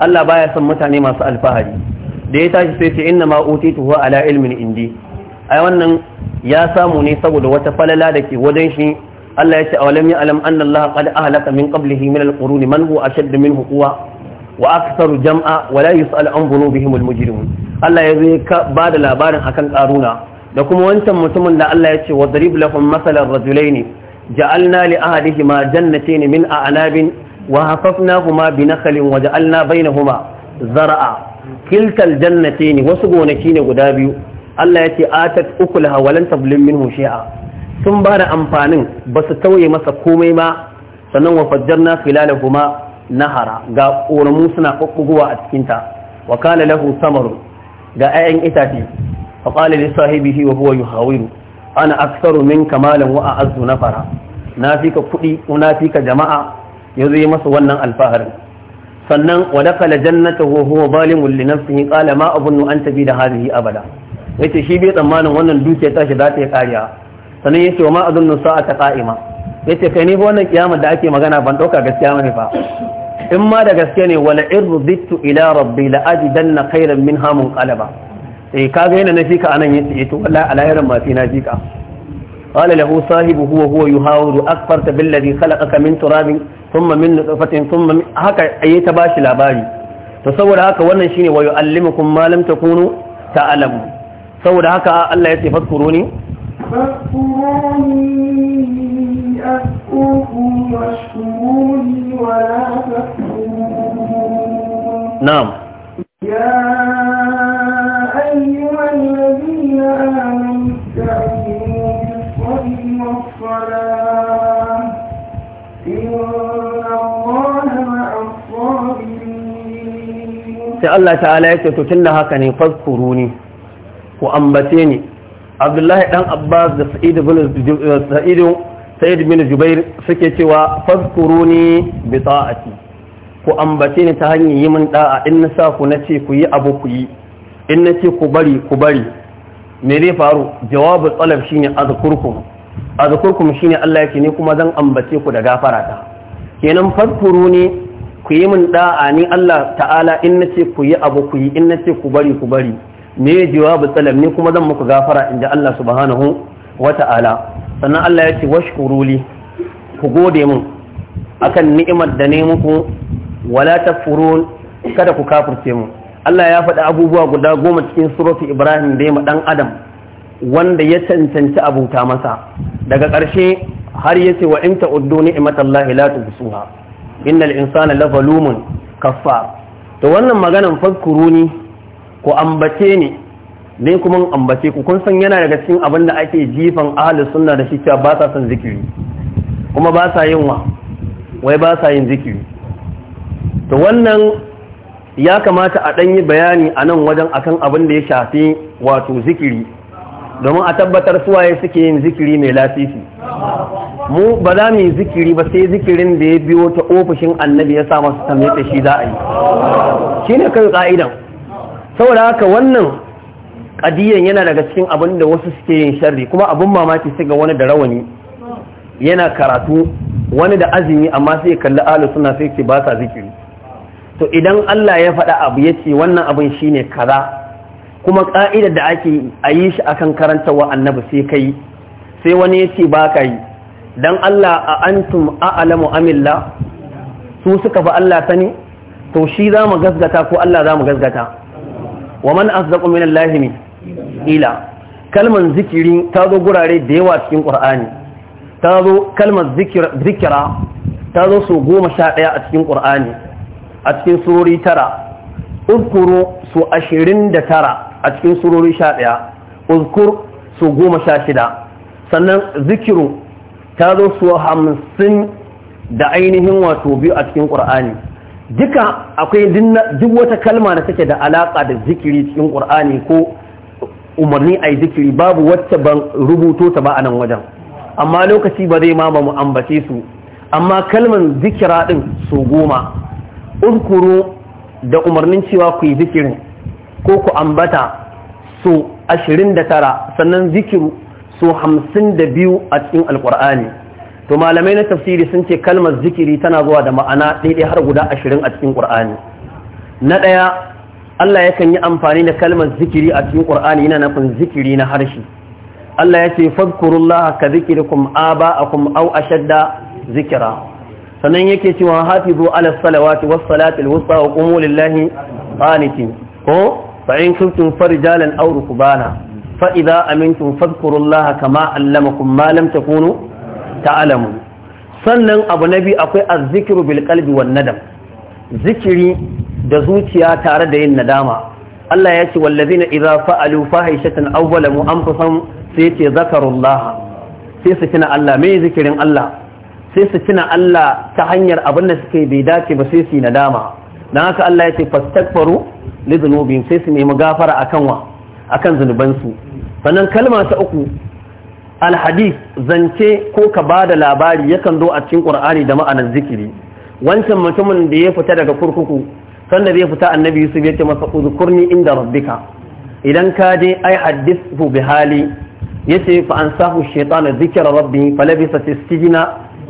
Allah baya son mutane masu alfahari da ya tashi sai ce inna ma utitu ala ilmin indi ai wannan ya samu ne saboda wata falala da ke wajen shi Allah ya ce awalam ya'lam anna Allah qad ahlaka min qablihi min al-qurun man huwa ashadd minhu quwwa wa aktharu jam'a wa la yus'al an dhunubihim al-mujrimun Allah ya zai ba da labarin akan karuna da kuma wancan mutumin da Allah ya ce wa darib lahum masalan rajulaini ja'alna li ahadihima jannatayn min a'nabin wa hafafnahuma bi nakhlin wa ja'alna bainahuma zar'a kiltal jannatayn wasu gonaki ne guda biyu Allah ya ce atat ukulaha wa lan tablim minhu shay'a sun ba da amfanin ba su tauye masa komai ma sannan wa fajjarna kuma nahara ga ƙoramu suna ƙwaƙƙuguwa a cikinta wa kana lahu samaru ga 'ya'yan itace fa qala li sahibihi wa huwa yuhawiru ana aktsaru kamalan wa'a wa a'azzu nafara na fika kuɗi ko na ka jama'a yanzu yi masa wannan alfaharin sannan wa dakala jannatahu huwa zalimun li nafsihi qala ma abunnu an tabida hadhihi abada yace shi bai tsammanin wannan dukiya tashi za ta yi kariya sannan yace wa ma adunnu sa'ata Ya yace kai ne fa wannan da ake magana ban ɗauka gaskiya bane fa in ma da gaske ne wala irditu ila rabbi la ajidanna khairan minha munqalaba eh kaga yana nafika anan yace eh, to wallahi alayaran ma fi nafika قال له صاحبه Turabin, يحاور أكفرت بالذي خلقك من تراب ثم من نطفة ثم هكا أي تباشي لاباري تصور هكا ونشيني ويؤلمكم ما لم تكونوا تعلمون تصور هكا الله يتفكروني فاذكروني أذكركم واشكروني ولا تكفرون نعم يا أيها الذين آمنوا استعينوا بالصبر والصلاة إن الله مع الصابرين الله تعالى يتتلها كان يفذكروني وأنبتيني abdullahi dan abbas da sa'id bin eh, sa'id bin jubair suke cewa fazkuruni bi ta'ati ku ambace ni ta hanyar yi min da'a in na sa ku nace ku yi abu ku yi in nace ku bari ku bari me zai faru jawabu talab shine azkurkum azkurkum shine Allah yake ni kuma zan ambace ku da gafara ta kenan fazkuruni ku yi min da'a ni Allah ta'ala in nace ku yi abu ku yi in nace ku bari ku bari me jawabu salam ni kuma zan muku gafara inda Allah subhanahu wata'ala sannan Allah ya ce washkuru li ku gode mun akan ni'imar da ne muku wala tafurun kada ku kafirce mu Allah ya faɗi abubuwa guda goma cikin surafi Ibrahim da ya dan adam wanda ya cancanci abuta masa daga ƙarshe har ya ce wa in ta'uddu ni'matallahi la tuhsuha innal insana lazalumun kaffar to wannan maganan ni. ku ambace ni ne kuma ambace ku kun san yana daga cikin abin da ake jifan ahli sunna da shi cewa ba sa son zikiri kuma ba sa yin wa wai ba sa yin zikiri to wannan ya kamata a ɗanyi bayani a nan wajen akan abin da ya shafi wato zikiri domin a tabbatar suwaye suke yin zikiri mai lasisi mu ba za mu yi zikiri ba sai zikirin da ya biyo ta ofishin annabi ya sa masu tamye shi za a yi shi ne kan ka'idan saboda haka wannan ƙadiyan yana daga cikin abin da wasu suke yin sharri kuma abin mamaki sai ga wani da rawani yana karatu wani da azumi amma sai ya kalli alu suna sai ke ba zikiri to idan Allah ya faɗa abu ya ce wannan abin shi ne kaza kuma ƙa'idar da ake a yi shi akan wa annabi sai kai sai wani ya ce ba ka yi don Allah a antum a'alamu amilla su suka ba Allah sani to shi za mu gasgata ko Allah za mu gasgata wa man asdaqu min allahi min ila kalmar zikiri ta zo gurare da yawa cikin qur'ani ta zo kalmar zikira ta zo su goma sha ɗaya a cikin qur'ani a cikin surori tara uzkuru su ashirin da tara a cikin surori sha ɗaya uzkur su goma sha shida sannan zikiru ta zo su hamsin da ainihin wato biyu a cikin ƙur'ani duka akwai duk wata kalma da take da alaƙa da zikiri cikin ƙur'ani ko umarni a zikiri babu wacce ban rubuto ta ba a nan wajen amma lokaci ba zai ma ba mu ambace su amma kalman zikira ɗin su goma uzkuru da umarnin cewa ku yi zikirin ko ku ambata su ashirin da tara sannan zikiru su hamsin da biyu a cikin alƙur'ani to malamai na tafsiri sun ce kalmar zikiri tana zuwa da ma'ana daidai har guda ashirin a cikin ƙur'ani na ɗaya Allah yakan yi amfani da kalmar zikiri a cikin ƙur'ani yana nufin zikiri na harshe Allah ya ce fadkurullaha ka a kum au ashadda zikira sannan yake cewa hafizu ala salawati was salati al wusta wa qumu lillahi qanitin ko fa in kuntum farijalan aw rukbana fa idza amintum fadkurullaha kama allamakum ma lam takunu ta'alamu sannan abu na biyu akwai azzikiru bil kalbi wan nadam zikiri da zuciya tare da yin nadama Allah ya ce wallazina idza fa'alu fahishatan aw zalamu anfusahum sai ce zakarullah sai su Allah me zikirin Allah sai su tuna Allah ta hanyar abin da suke bai dace ba sai su nadama dan haka Allah ya ce fastaghfiru li dhunubihim sai su nemi gafara akan wa akan zunubansu sannan kalma ta uku alhadis zance ko ka ba da labari yakan zo a cikin ƙur'ani da ma'anar zikiri wancan mutumin da ya fita daga kurkuku sanda zai fita annabi yusuf ya ce masa uzkurni inda rabbika idan ka je ai hadithu bi hali yace fa ansahu shaytanu dhikra rabbi falabisa fi sijna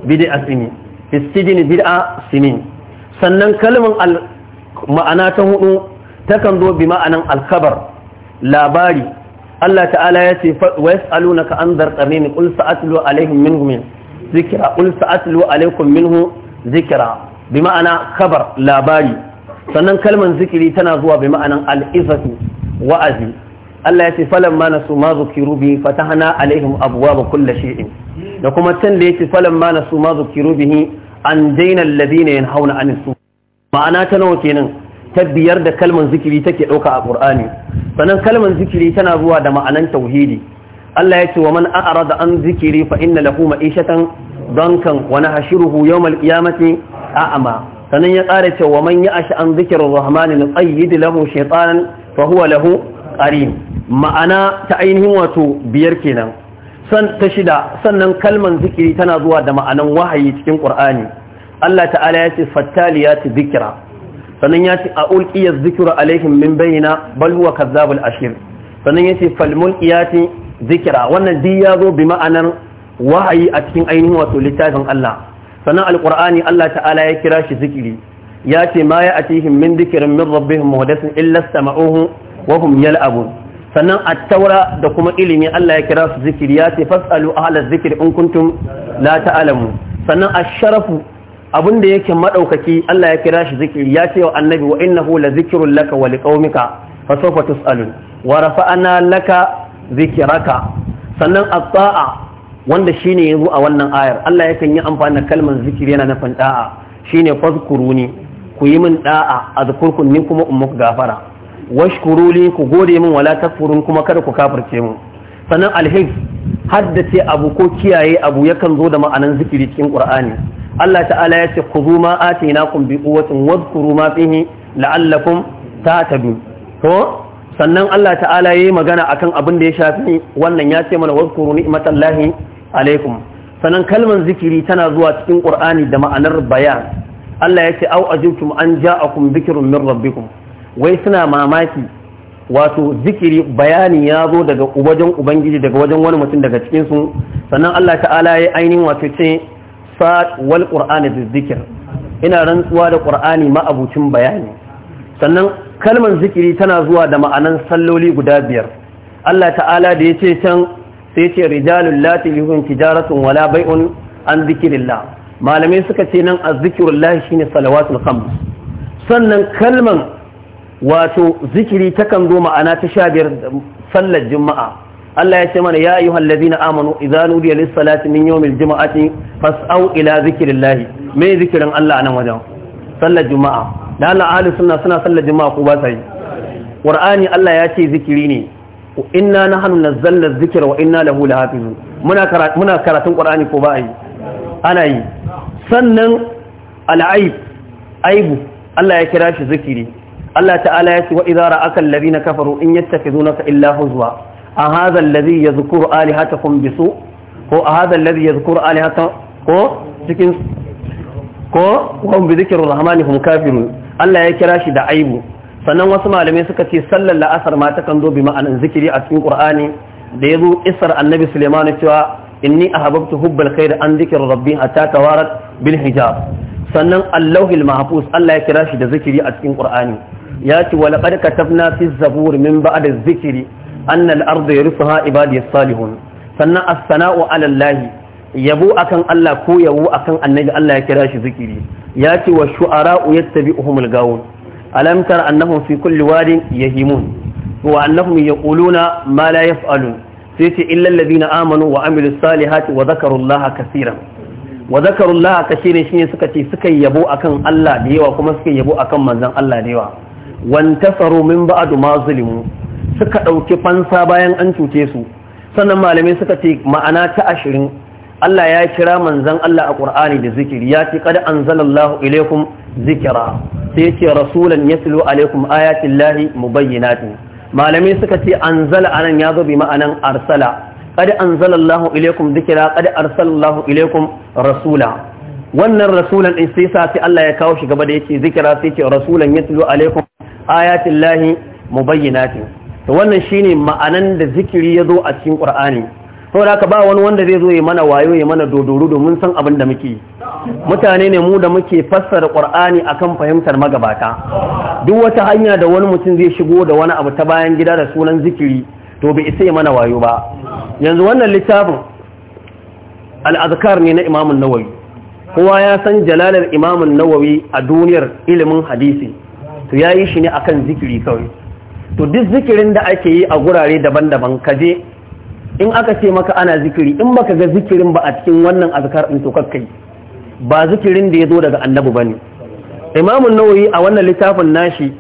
bid'a sinin fi sijni bid'a sinin sannan kalmar al ma'ana ta hudu takan zo bi ma'anan al-khabar labari Allah ta'ala ya ce wa yas'alunaka an zarqamin qul sa'atlu alaihim minhu min zikra qul sa'atlu alaikum minhu zikra bi ma'ana kabar labari sannan kalman zikiri tana zuwa bi ma'anan al'izatu wa'azi Allah ya ce falamma nasu ma zukiru bi fatahna alaihim abwaaba kulli shay'in da kuma can da yake ma nasu ma zukiru bihi an daina alladhina yanhauna anis ma'ana ta nawa kenan ta biyar da kalman zikiri take ɗauka a ƙur'ani sannan kalman zikiri tana zuwa da ma'anan tauhidi Allah ya ce wa man a'rada an zikiri fa inna lahu ma'ishatan dankan wa nahshuruhu yawmal qiyamati a'ma sannan ya ƙara cewa wa man ya'ash an zikrir rahmani nuqayyid lahu shaytanan fa huwa lahu qarin ma'ana ta ainihin wato biyar kenan san ta shida sannan kalman zikiri tana zuwa da ma'anan wahayi cikin ƙur'ani Allah ta'ala ya ce fattaliyati zikra sannan ya ce a ulqiya zikiru alaihim min bayna bal kazzabul ashir sannan ya ce fal mulqiyati zikira wannan di ya zo bi ma'anar wahayi a cikin ainihin wato littafin Allah sannan alqur'ani Allah ta'ala ya kira shi zikiri ya ce ma ya atihim min dhikrin min rabbihim muhdathin illa sama'uhu wa hum yal'abun sannan at-taura da kuma ilimi Allah ya kira su zikiri ya ce fasalu ahla dhikri in kuntum la ta'lamu sannan ash-sharafu abin da yake madaukaki Allah ya kira shi zikiri ya ce wa annabi wa innahu la zikrun laka wa liqaumika fa sawfa tusalun wa rafa'ana laka zikraka sannan at-ta'a wanda shine yanzu a wannan ayar Allah yakan yi amfani da kalmar zikiri yana nufin da'a shine fazkuruni ku yi min da'a azkurkum ni kuma ummuk gafara washkuruli ku gode min wala takfurun kuma kada ku kafirce mu sannan al alhif haddace abu ko kiyaye abu yakan zo da ma'anan zikiri cikin qur'ani Allah ta'ala ya ce khudhu ma atainakum bi quwwatin wadhkuru ma fihi ta tahtadun to sannan Allah ta'ala yi magana akan abin da ya shafi wannan ya ce mana wadhkuru ni'matallahi alaikum sannan kalmar zikiri tana zuwa cikin Kur'ani da ma'anar bayan Allah ya ce au ajibtum an ja kun dhikrun min rabbikum wai suna mamaki wato zikiri bayani ya zo daga wajen ubangiji daga wajen wani mutum daga cikinsu sannan Allah ta'ala ya ainihin wato ce Sa'ad wal qur'ani zikir. ina rantsuwa da ƙur'ani ma bayani sannan kalmar zikiri tana zuwa da ma'anan salloli guda biyar Allah ta'ala da yace can sai ce rijalul lati yuhun tijaratun wala bai'un an zikrillah malamai suka ce nan zikirullahi shine salawatul khams sannan kalman wato zikiri takan zo ma'ana ta sha biyar sallar juma'a Allah ya ce mana ya yi ayyuhal na amanu idza nudiya lis salati min yawmil jumu'ati fas'au ila Lahi. me zikirin Allah a nan wajen sallar juma'a da Allah ahli sunna suna sallar juma'a ko ba sa yi Al-ƙur'ani Allah ya ce zikiri ne inna na nahnu nazzalna dhikra wa inna lahu lahafizun muna muna karatun ƙur'ani ko ba yi ana yi sannan al'aib aibu Allah ya kira shi zikiri Allah ta'ala ya ce wa idza labi na kafaru in yattakhizunaka illa huzwa a ya zukuru yadhkuru alihatakum bisu ko a hadha alladhi yadhkuru alihatakum ko cikin ko wa bi zikin rahmani hum kafirun Allah ya kira shi da aibu sannan wasu malamai suka ce sallar la'asar ma ta kan zo bi ma'anan zikiri a cikin qur'ani da zo isar annabi sulaiman cewa inni ahabbtu hubbal da an dhikri rabbi hatta tawarat bil hijab sannan allahil mahfuz Allah ya kira shi da zikiri a cikin qur'ani ya ce wa laqad katabna fi zabur min ba'da zikiri anna ya ardu yarithuha ibadi salihun sannan asana'u sanau 'ala Allah yabo akan Allah ko yabo akan annabi Allah ya kira shi zikiri ya ce wa shu'ara'u yattabi'uhumul gawun alam tara annahum fi kulli wadin yahimun wa annahum yaquluna ma la yaf'alun sai ce illa na amanu wa amilus salihati wa dhakarullaha kasira wa dhakarullaha kaseeran shine suka ce suka yabo akan Allah da yawa kuma suka yabo akan manzon Allah da yawa wantasaru min ba'du ma zulimu suka ɗauki fansa bayan an cuce su sannan malamai suka ce ma'ana ta ashirin Allah ya kira manzan Allah a ƙur'ani da zikiri ya ce kada an zala Allah ilaikum zikira sai ya ce rasulan ya silo alaikum ayatin lahi mubayyinatin malamai suka ce an zala anan ya zo bi ma'anan arsala kada an zala Allah ilaikum zikira kada Allah ilaikum rasula wannan rasulan din sai sa sai Allah ya kawo shi gaba da yake zikira sai ce rasulan silo alaikum ayatin lahi mubayyinatin to wannan shine ma'anan da zikiri ya zo a cikin qur'ani saboda haka ba wani wanda zai zo ya mana wayo ya mana dodoro domin san abin da muke mutane ne mu da muke fassara qur'ani akan fahimtar magabata duk wata hanya da wani mutum zai shigo da wani abu ta bayan gida da sunan zikiri to bai isa ya mana wayo ba yanzu wannan littafin al-azkar ne na Imam an-Nawawi kowa ya san jalalar Imam an-Nawawi a duniyar ilimin hadisi to yayi shi ne akan zikiri kawai to duk zikirin da ake yi a gurare daban-daban ka je in aka ce maka ana zikiri in baka ga zikirin ba a cikin wannan azkar in to kakkai ba zikirin da ya zo daga annabi bane imamun nawawi a wannan littafin nashi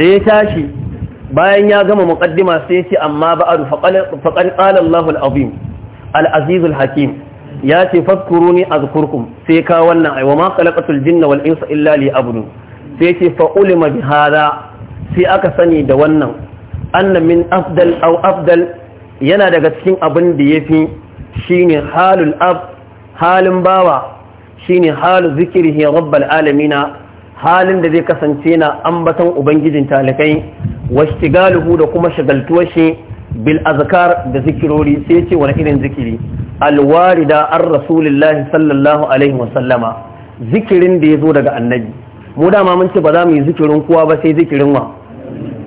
da ya tashi bayan ya gama muqaddima sai ce amma ba'adu faqad qala Allahu al-azim al-aziz al-hakim ya ce fadkuruni azkurkum sai ka wannan ai wa ma khalaqatul jinna wal insa illa abudu, sai ce fa ulima bi hada sai aka sani da wannan anna min afdal aw afdal yana daga cikin abin da ya fi halul ne halin bawa shine halu zikrihi rabbal alamina halin da zai kasance na ambaton ubangijin talikai washtigaluhu da kuma shagaltuwar shi bil azkar da zikirori sai ce wani irin zikiri alwarida an rasulillahi sallallahu alaihi wasallama zikirin da ya zo daga annabi mu dama mun ce ba za mu yi zikirin kowa ba sai zikirin wa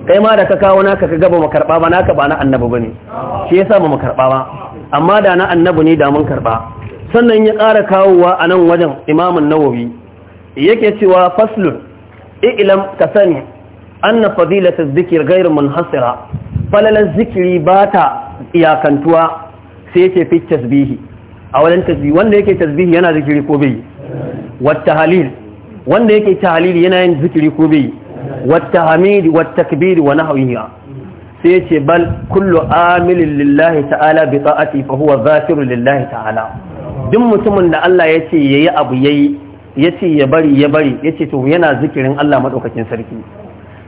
kai ma da ka kawo naka ka gaba makarba ba naka ba na annabi bane shi yasa ba makarba ba amma da na annabi ne da mun karba sannan ya ƙara kawowa a nan wajen imamun nawawi yake cewa faslun ilam ka sani anna fadilata zikir gairin munhasira falalar zikiri ba ta iyakantuwa sai yake fi tasbihi a wajen tasbihi wanda yake tasbihi yana zikiri ko bai wa halil wanda yake tahlili yana yin zikiri ko bai wata hamidi wata kabiri wa nahwiha sai yace bal kullu amilin lillahi ta'ala bi ta'ati fa huwa zakirun lillahi ta'ala duk mutumin da Allah yace yayi abu yayi yace ya bari ya bari yace to yana zikirin Allah madaukakin sarki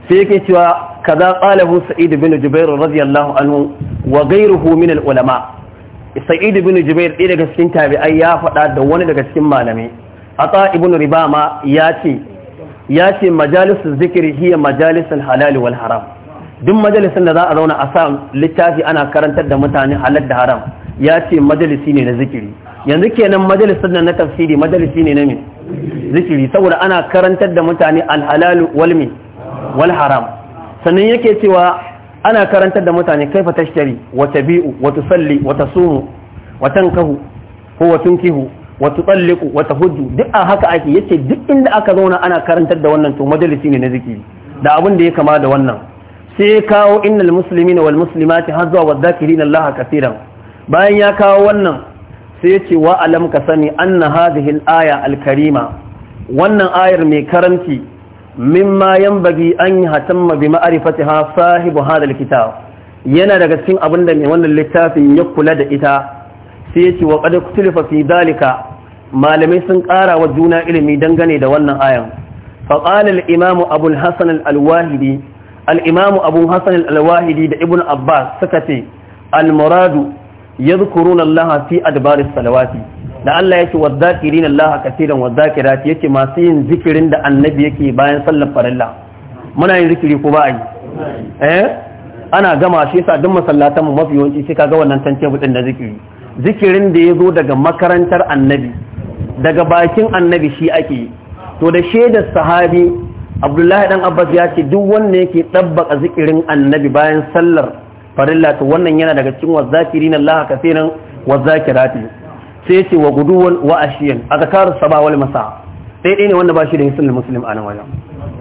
sai yake cewa kaza qalahu sa'id bin jubair radiyallahu anhu wa ghayruhu min al ulama sa'id bin jubair ɗaya daga cikin tabi'ai ya faɗa da wani daga cikin malamai ata ibn riba ya ce ya ce majalisun zikiri hiya majalisun halali wal haram duk majalisun da za a zauna a sa littafi ana karantar da mutane halal da haram ya ce majalisi ne na zikiri yanzu kenan majalisun nan na tafsiri majalisi ne na zikiri saboda ana karantar da mutane alhalal wal mi wal haram sannan yake cewa ana karantar da mutane kaifa tashtari wa tabi'u wa tusalli wa tasumu wa tankahu ko wa tunkihu Wata tsalliku wata hujju duk a haka ake yace duk inda aka zauna ana karantar da wannan to majalisi ne na zikiri da abin da ya kama da wannan sai kawo innal muslimina wal muslimati hazza wa dhakirina Allah kaseeran bayan ya kawo wannan sai ce wa alam ka sani anna hadhihi al aya al karima wannan ayar mai karanci mimma yanbaghi an yahtamma bi ma'rifatiha sahibu hadha al kitab yana daga cikin abin da mai wannan littafin ya kula da ita sai ce wa qad kutilifa fi dalika malamai sun ƙara wa juna ilimi dangane da wannan ayan faƙal imam'u abu al-hasan al’imamu wahidi al abu Hassan al-wahidi da ibn abbas suka ce al-muradu na Allah fi adabarin salawati da Allah yake wadhakirina Allah kaseeran ya yake masu yin zikirin da annabi yake bayan sallar farilla muna yin zikiri ko ba yi eh ana gama shi yasa duk masallatan mu mafi yawanci sai ga wannan tantance budin da zikiri zikirin da ya zo daga makarantar annabi daga bakin annabi shi ake yi to da shaidar sahabi abdullahi dan abbas ya ce duk wanda yake dabbaka zikirin annabi bayan sallar farilla to wannan yana daga cikin wazakirin Allah kafiran wazakirati sai ce wa guduwan wa ashiyan azkar sabah wal masa sai dai ne wanda ba shi da hisul muslim anan wajen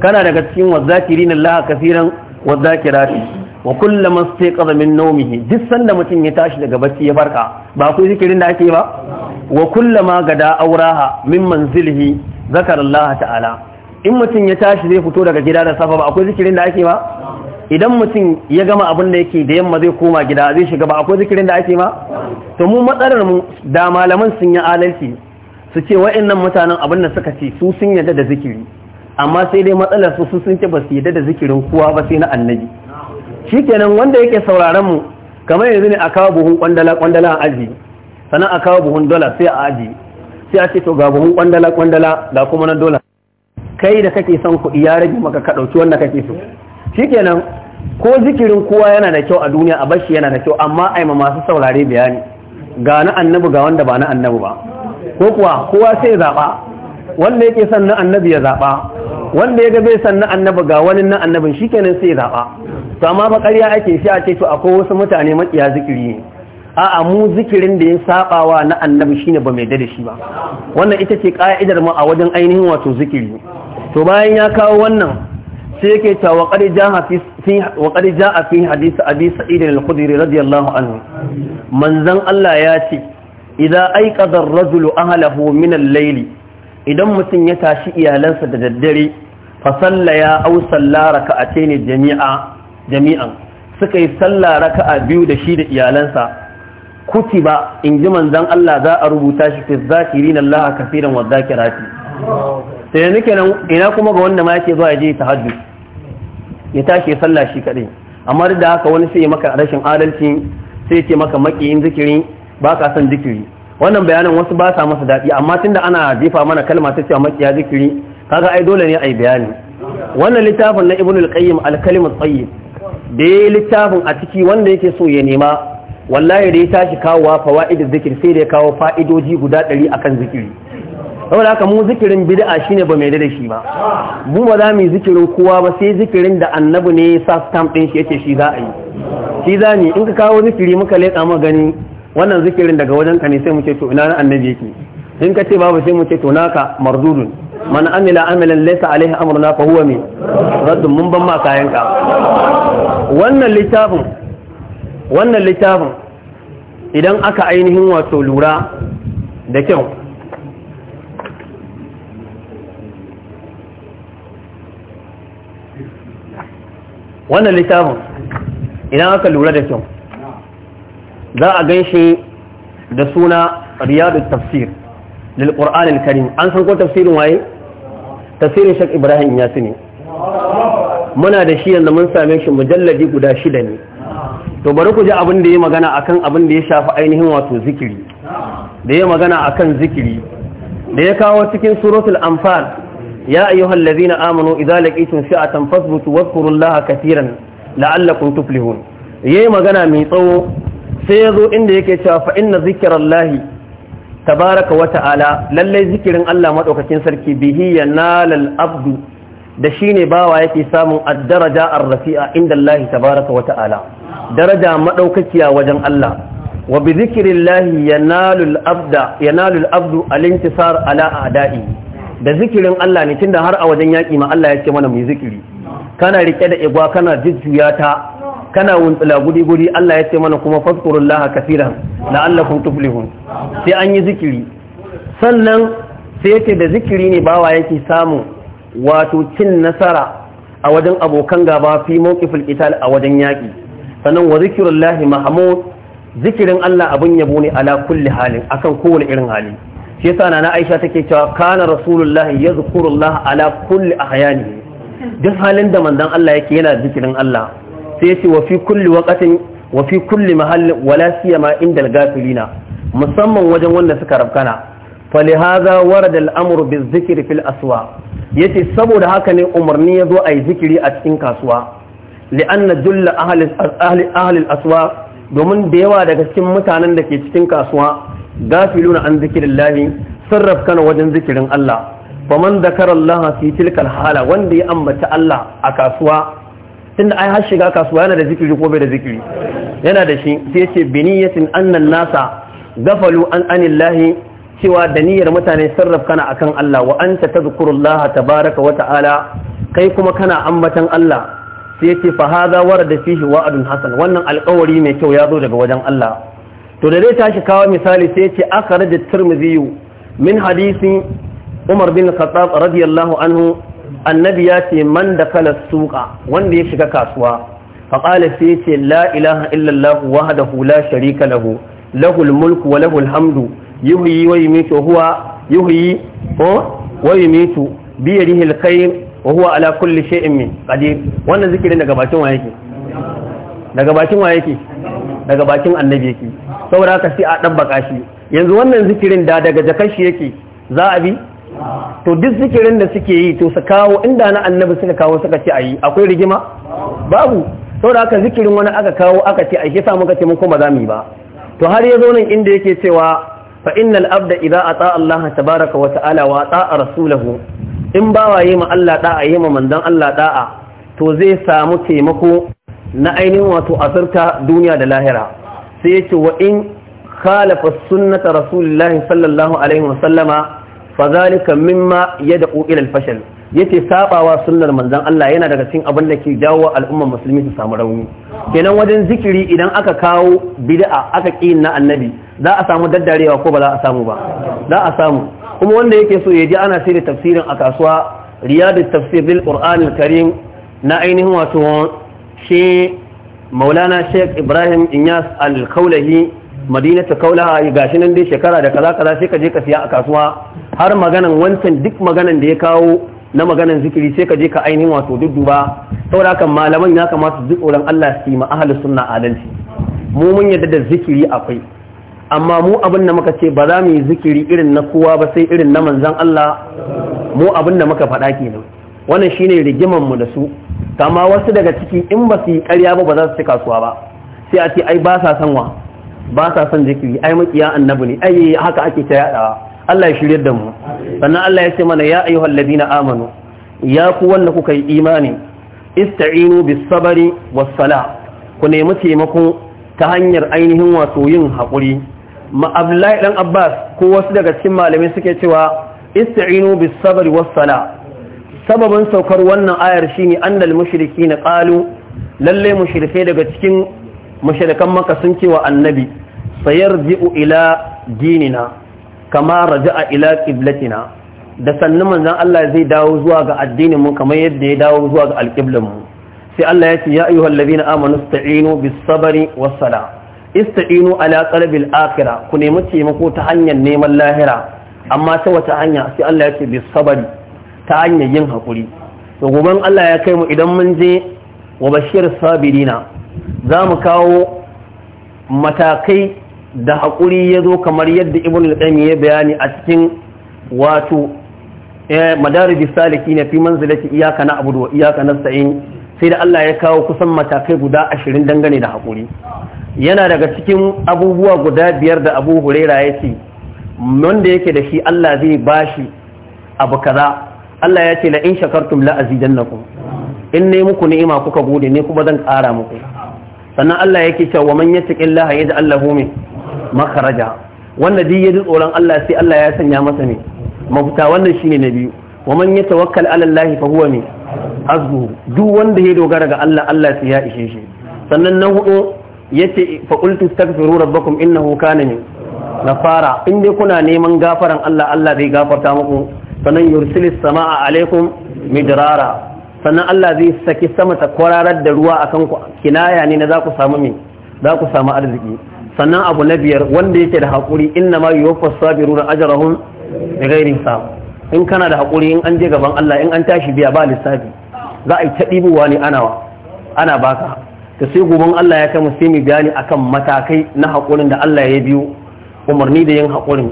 kana daga cikin wazakirin Allah kafiran wazakirati wa kulla mastai min nomihi duk sanda mutum ya tashi daga bacci ya barka ba ku zikirin da ake ba wa kulla ma gada auraha min manzilihi zakarallah ta'ala in mutum ya tashi zai fito daga gida da safa ba akwai zikirin da ake ba idan mutum ya gama abin da yake da yamma zai koma gida zai shiga ba akwai zikirin da ake ba to mu matsalar mu da malaman sun yi alalci su ce wa'annan mutanen abin da suka ce su sun yarda da zikiri amma sai dai matsalar su sun ce ba su yarda da zikirin kowa ba sai na annabi kenan wanda yake sauraron mu kamar yanzu ne a kawo buhun kwandala kwandala a aji sannan a kawo buhun dola sai a aji sai a ce to ga buhun kwandala kwandala da kuma na dola kai da kake son kuɗi ya rage maka ka ɗauki wanda kake so shikenan ko zikirin kowa yana da kyau a duniya a bashi yana da kyau amma ai ma masu saurare bayani ga na annabi ga wanda ba na annabi ba ko kuwa kowa sai zaɓa wanda yake son na annabi ya zaɓa wanda ya ga bai san na annabi ga wani na annabin shikenan sai zaɓa to amma ba ƙarya ake shi a ce to akwai wasu mutane makiya zikiri ne a'a mu zikirin da ya saba wa na annabi shine ba mai da shi ba wannan ita ce ka'idar mu a wajen ainihin wato zikiri to bayan ya kawo wannan sai yake ta wa qad jaa fi wa jaa fi hadith abi sa'id al-khudri radiyallahu anhu manzon Allah ya ce idza ayqadha ar-rajulu ahlahu min al-layli idan mutum ya tashi iyalansa da daddare fa sallaya aw salla a jami'a jami'an suka yi salla a biyu da shi da iyalansa Kuti ba, in ji manzan Allah za a rubuta shi fi zakirin Allah kafiran wa zakirati sai yanzu nan ina kuma ga wanda ma yake zuwa ya je ta haddu ya tashi ya salla shi kaɗai amma da haka wani sai maka rashin adalci sai ya ce maka makiyin zikiri ba ka son zikiri wannan bayanin wasu ba sa masa daɗi amma tunda ana jefa mana kalma ta cewa makiya zikiri kaga ai dole ne ai bayani wannan littafin na ibnu al-qayyim al-kalim at-tayyib da yayi littafin a ciki wanda yake so ya nema wallahi da ya tashi kawowa fawaidul zikir sai da ya kawo fa'idoji guda ɗari akan zikiri saboda haka mu zikirin bid'a shine ba mai da shi ba mu ba za mu zikirin kowa ba sai zikirin da annabi ne sa stamp din shi yace shi za a yi shi za ni in ka kawo zikiri muka leka mu gani wannan zikirin daga wajen ka ne sai mu ce to ina annabi yake in ka ce babu sai mu ce to naka mardudun man amila amalan laysa alaihi amruna fa huwa min raddun mun ban ma kayan ka wannan littafin wannan littafin idan aka ainihin wato lura da kyau wannan littafin idan aka lura da kyau za a gan shi da suna riyadu tafsir lil qur'anil karim an san ko tafsirin waye tafsirin shak ibrahim yasi ne muna da shi yanzu mun same shi mujalladi guda shida ne to bari ku ji abin da ya magana akan abin da ya shafi ainihin wato zikiri da ya magana akan zikiri da ya kawo cikin suratul anfal ya ayyuhal ladina amanu idza laqitum fi'atan fasbutu wadhkurullaha katiran la'allakum tuflihun yayi magana mai tsawo sai ya zo inda yake cewa fa inna zikirallahi tabaraka wata ala, lallai zikirin Allah madaukakin sarki bihi nalal abdu da shine bawa yake samun ad-daraja ar-rafi'a inda Allah tabaraka wata ala, daraja madaukakiya wajen Allah wa bi zikrillahi yanalul abda yanalul abdu al ala'a a a'da'i da zikirin Allah ne tunda har a wajen yaki ma Allah ya ce mana mu zikiri kana rike da igwa kana jujjuya ta kana wuntsula guri guri Allah ya ce mana kuma fadkurullaha kafiran la'allakum tuflihun sai an yi zikiri sannan sai yake da zikiri ne bawa yake samu wato cin nasara a wajen abokan gaba fi mawqifil qital a wajen yaki sannan wa lahi mahmud zikirin Allah abun yabo ne ala kulli halin akan kowane irin hali shi yasa na Aisha take cewa kana rasulullahi yazkurullaha ala kulli ahyani duk halin da manzon Allah yake yana zikirin Allah sai yace wa fi kulli waqatin wa fi kulli mahallin wala siyama indal gafilina musamman wajen wanda suka rabkana falihaza warada al'amru bizikri fil aswa yace saboda haka ne umarni yazo ayi zikiri a cikin kasuwa li'anna dulla ahli ahli ahli aswa domin da yawa daga cikin mutanen da ke cikin kasuwa gafiluna an zikrillahi sarraf kana wajen zikirin Allah faman zakara Allah fi tilkal hala wanda ya ambata Allah a kasuwa Tun tunda ai har shiga kasuwa yana da zikiri ko bai da zikiri yana da shi sai yace biniyatin annan nasa gafalu an anillahi cewa da niyyar mutane sarraf kana akan Allah wa anta tadhkurullaha tabaraka wa ta'ala kai kuma kana ambatan Allah sai ce fa hadha warada fihi wa'dun hasan wannan alƙawari mai kyau ya zo daga wajen Allah to da zai tashi kawo misali sai yace akhraj at-tirmidhi min hadisi Umar bin Khattab radiyallahu anhu annabi ya ce man da kalas suka wanda ya shiga kasuwa faƙala sai ya ce la ilaha illallah wahdahu la sharika lahu lahul mulku wa lahul hamdu yuhyi wa yumitu huwa yuhyi wa yumitu bi yadihi alkhair wa huwa ala kulli shay'in min qadir wannan zikirin daga bakin wa yake daga bakin wa yake daga bakin annabi yake saboda haka sai a dabbaka shi yanzu wannan zikirin da daga jakashi yake za a bi to duk zikirin da suke yi to su kawo inda na annabi suka kawo suka ce ayi akwai rigima babu saboda haka zikirin wani aka kawo aka ce ai sa muka ce mun kuma za mu yi ba to har ya zo nan inda yake cewa fa innal abda idza ata Allah tabaraka wa ta'ala wa ta'a rasulahu in bawaye ma Allah da yi ma manzon Allah da'a to zai samu taimako na ainihin wato asirta duniya da lahira sai yace wa in khalafa sunnata rasulillahi sallallahu alaihi wa sallama fazalika mimma yad'u ila al-fashal yace sabawa sunnar manzon Allah yana daga cikin abin da ke jawo al'ummar musulmi su samu rauni kenan wajen zikiri idan aka kawo bid'a aka ki na annabi za a samu daddarewa ko ba za a samu ba za a samu kuma wanda yake so ya ji ana sai da tafsirin a kasuwa riyadu tafsir bil qur'an karim na ainihin wato shi maulana sheikh ibrahim inyas al-kaulahi madinatu kaulaha gashi nan dai shekara da kaza kaza sai ka je ka siya a kasuwa har maganan wancan duk maganan da ya kawo na maganan zikiri sai ka je ka ainihin wato dudduba saboda kan malaman ya kamata su tsoron Allah su yi ma ahlus sunna adalci mu mun yadda da zikiri akwai amma mu abin da muka ce ba za mu yi zikiri irin na kowa ba sai irin na manzan Allah mu abin da muka faɗa kenan wannan shine rigiman mu da su kama wasu daga ciki in ba su yi ƙarya ba ba za su ci kasuwa ba sai a ce ai ba sa son wa ba sa son zikiri ai makiya annabi ne ai haka ake ta yadawa Allah ya shirye da mu sannan Allah ya ce mana ya ayyuhal ladina amanu ya ku wanda kuka yi imani ista'inu bis sabari was sala ku nemi taimako ta hanyar ainihin wato yin hakuri ma Abdullahi dan Abbas ko wasu daga cikin malamai suke cewa ista'inu bis sabari was sala sababin saukar wannan ayar shine annal mushrikina qalu lalle mushrike daga cikin mushrikan maka sun cewa annabi sayarji'u ila dinina kama raja'a ila qiblatina da sannu manzon Allah zai dawo zuwa ga addinin mu kamar yadda ya dawo zuwa ga alqiblan mu sai Allah ya ce ya ayyuhal ladina amanu ista'inu bis sabri was sala ista'inu ala qalbil akhirah ku nemi taimako ta hanyar neman lahira amma ta wata hanya sai Allah ya ce bis sabri ta hanyar yin hakuri to goban Allah ya kai mu idan mun je wa bashir sabirina za mu kawo matakai da haƙuri ya zo kamar yadda ibn al ya bayani a cikin wato eh, madarij salikin fi manzilati iyaka na abudu wa iyaka nasta'in sai da Allah ya kawo kusan matakai guda ashirin dangane da haƙuri yana daga cikin abubuwa guda biyar da Abu Huraira ya ce wanda yake da shi Allah zai bashi abu kaza Allah ya ce la in shakartum la azidannakum in ne muku ni'ima kuka gode ne kuma zan ƙara muku sannan Allah yake cewa man yattaqillaha yaj'al lahu min makaraja wanda duk ya tsoron Allah sai Allah ya sanya masa ne mafita wannan shine na biyu wa man tawakkal ala Allah fa huwa ne azbu duk wanda ya dogara ga Allah Allah sai ya ishe shi sannan na hudu yace fa qultu astaghfiru rabbakum innahu kana ne na fara in dai kuna neman gafaran Allah Allah zai gafarta muku sannan yursilis sama'a alaikum midrara sannan Allah zai saki sama ta kwararar da ruwa akan ku kinaya ne na za ku samu min za ku samu arziki sannan abu na biyar wanda yake da haƙuri inna ma yuwaffa sabiruna ajrahum bighairi sa. in kana da haƙuri in an je gaban Allah in an tashi biya ba lissafi za a yi ta ɗibowa ne ana ana baka ta sai goben Allah ya kama sai mu bayani akan matakai na haƙurin da Allah ya biyo. umarni da yin haƙurin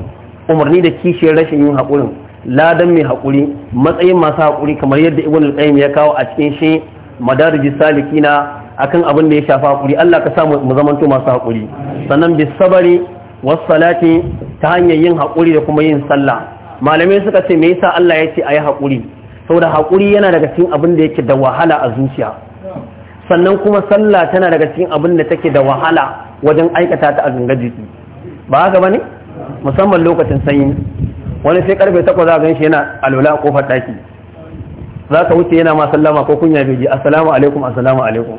umarni da kishiyar rashin yin haƙurin ladan mai haƙuri matsayin masu haƙuri kamar yadda ibn al-qayyim ya kawo a cikin shi madarijis salikina akan abin da ya shafa hakuri Allah ka samu mu zamanto masu hakuri sannan bi sabari was salati ta hanyar yin hakuri da kuma yin sallah malamai suka ce me yasa Allah ya ce ayi hakuri saboda hakuri yana daga cikin abin da yake da wahala a zuciya sannan kuma sallah tana daga cikin abin da take da wahala wajen aikata ta a jiki ba haka bane musamman lokacin sanyi wani sai karfe takwas za a ganshi shi yana alwala a kofar ɗaki za ka wuce yana ma sallama ko kunya bai je assalamu alaikum assalamu alaikum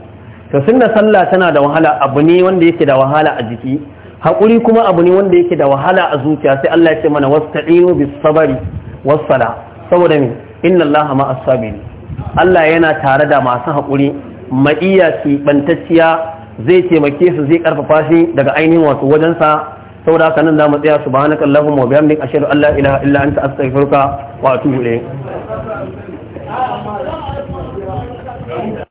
to sunna sallah tana da wahala abu ne wanda yake da wahala a jiki hakuri kuma abu ne wanda yake da wahala a zuciya sai Allah ya ce mana wasta'inu bis sabari was sala saboda me inna allah ma'as sabirin Allah yana tare da masu hakuri ma'iya ci bantacciya zai taimake su zai karfafa shi daga ainihin wato wajen sa saboda haka nan zamu tsaya subhanaka allahumma wa bihamdika ashhadu an la ilaha illa anta astaghfiruka wa atubu ilayk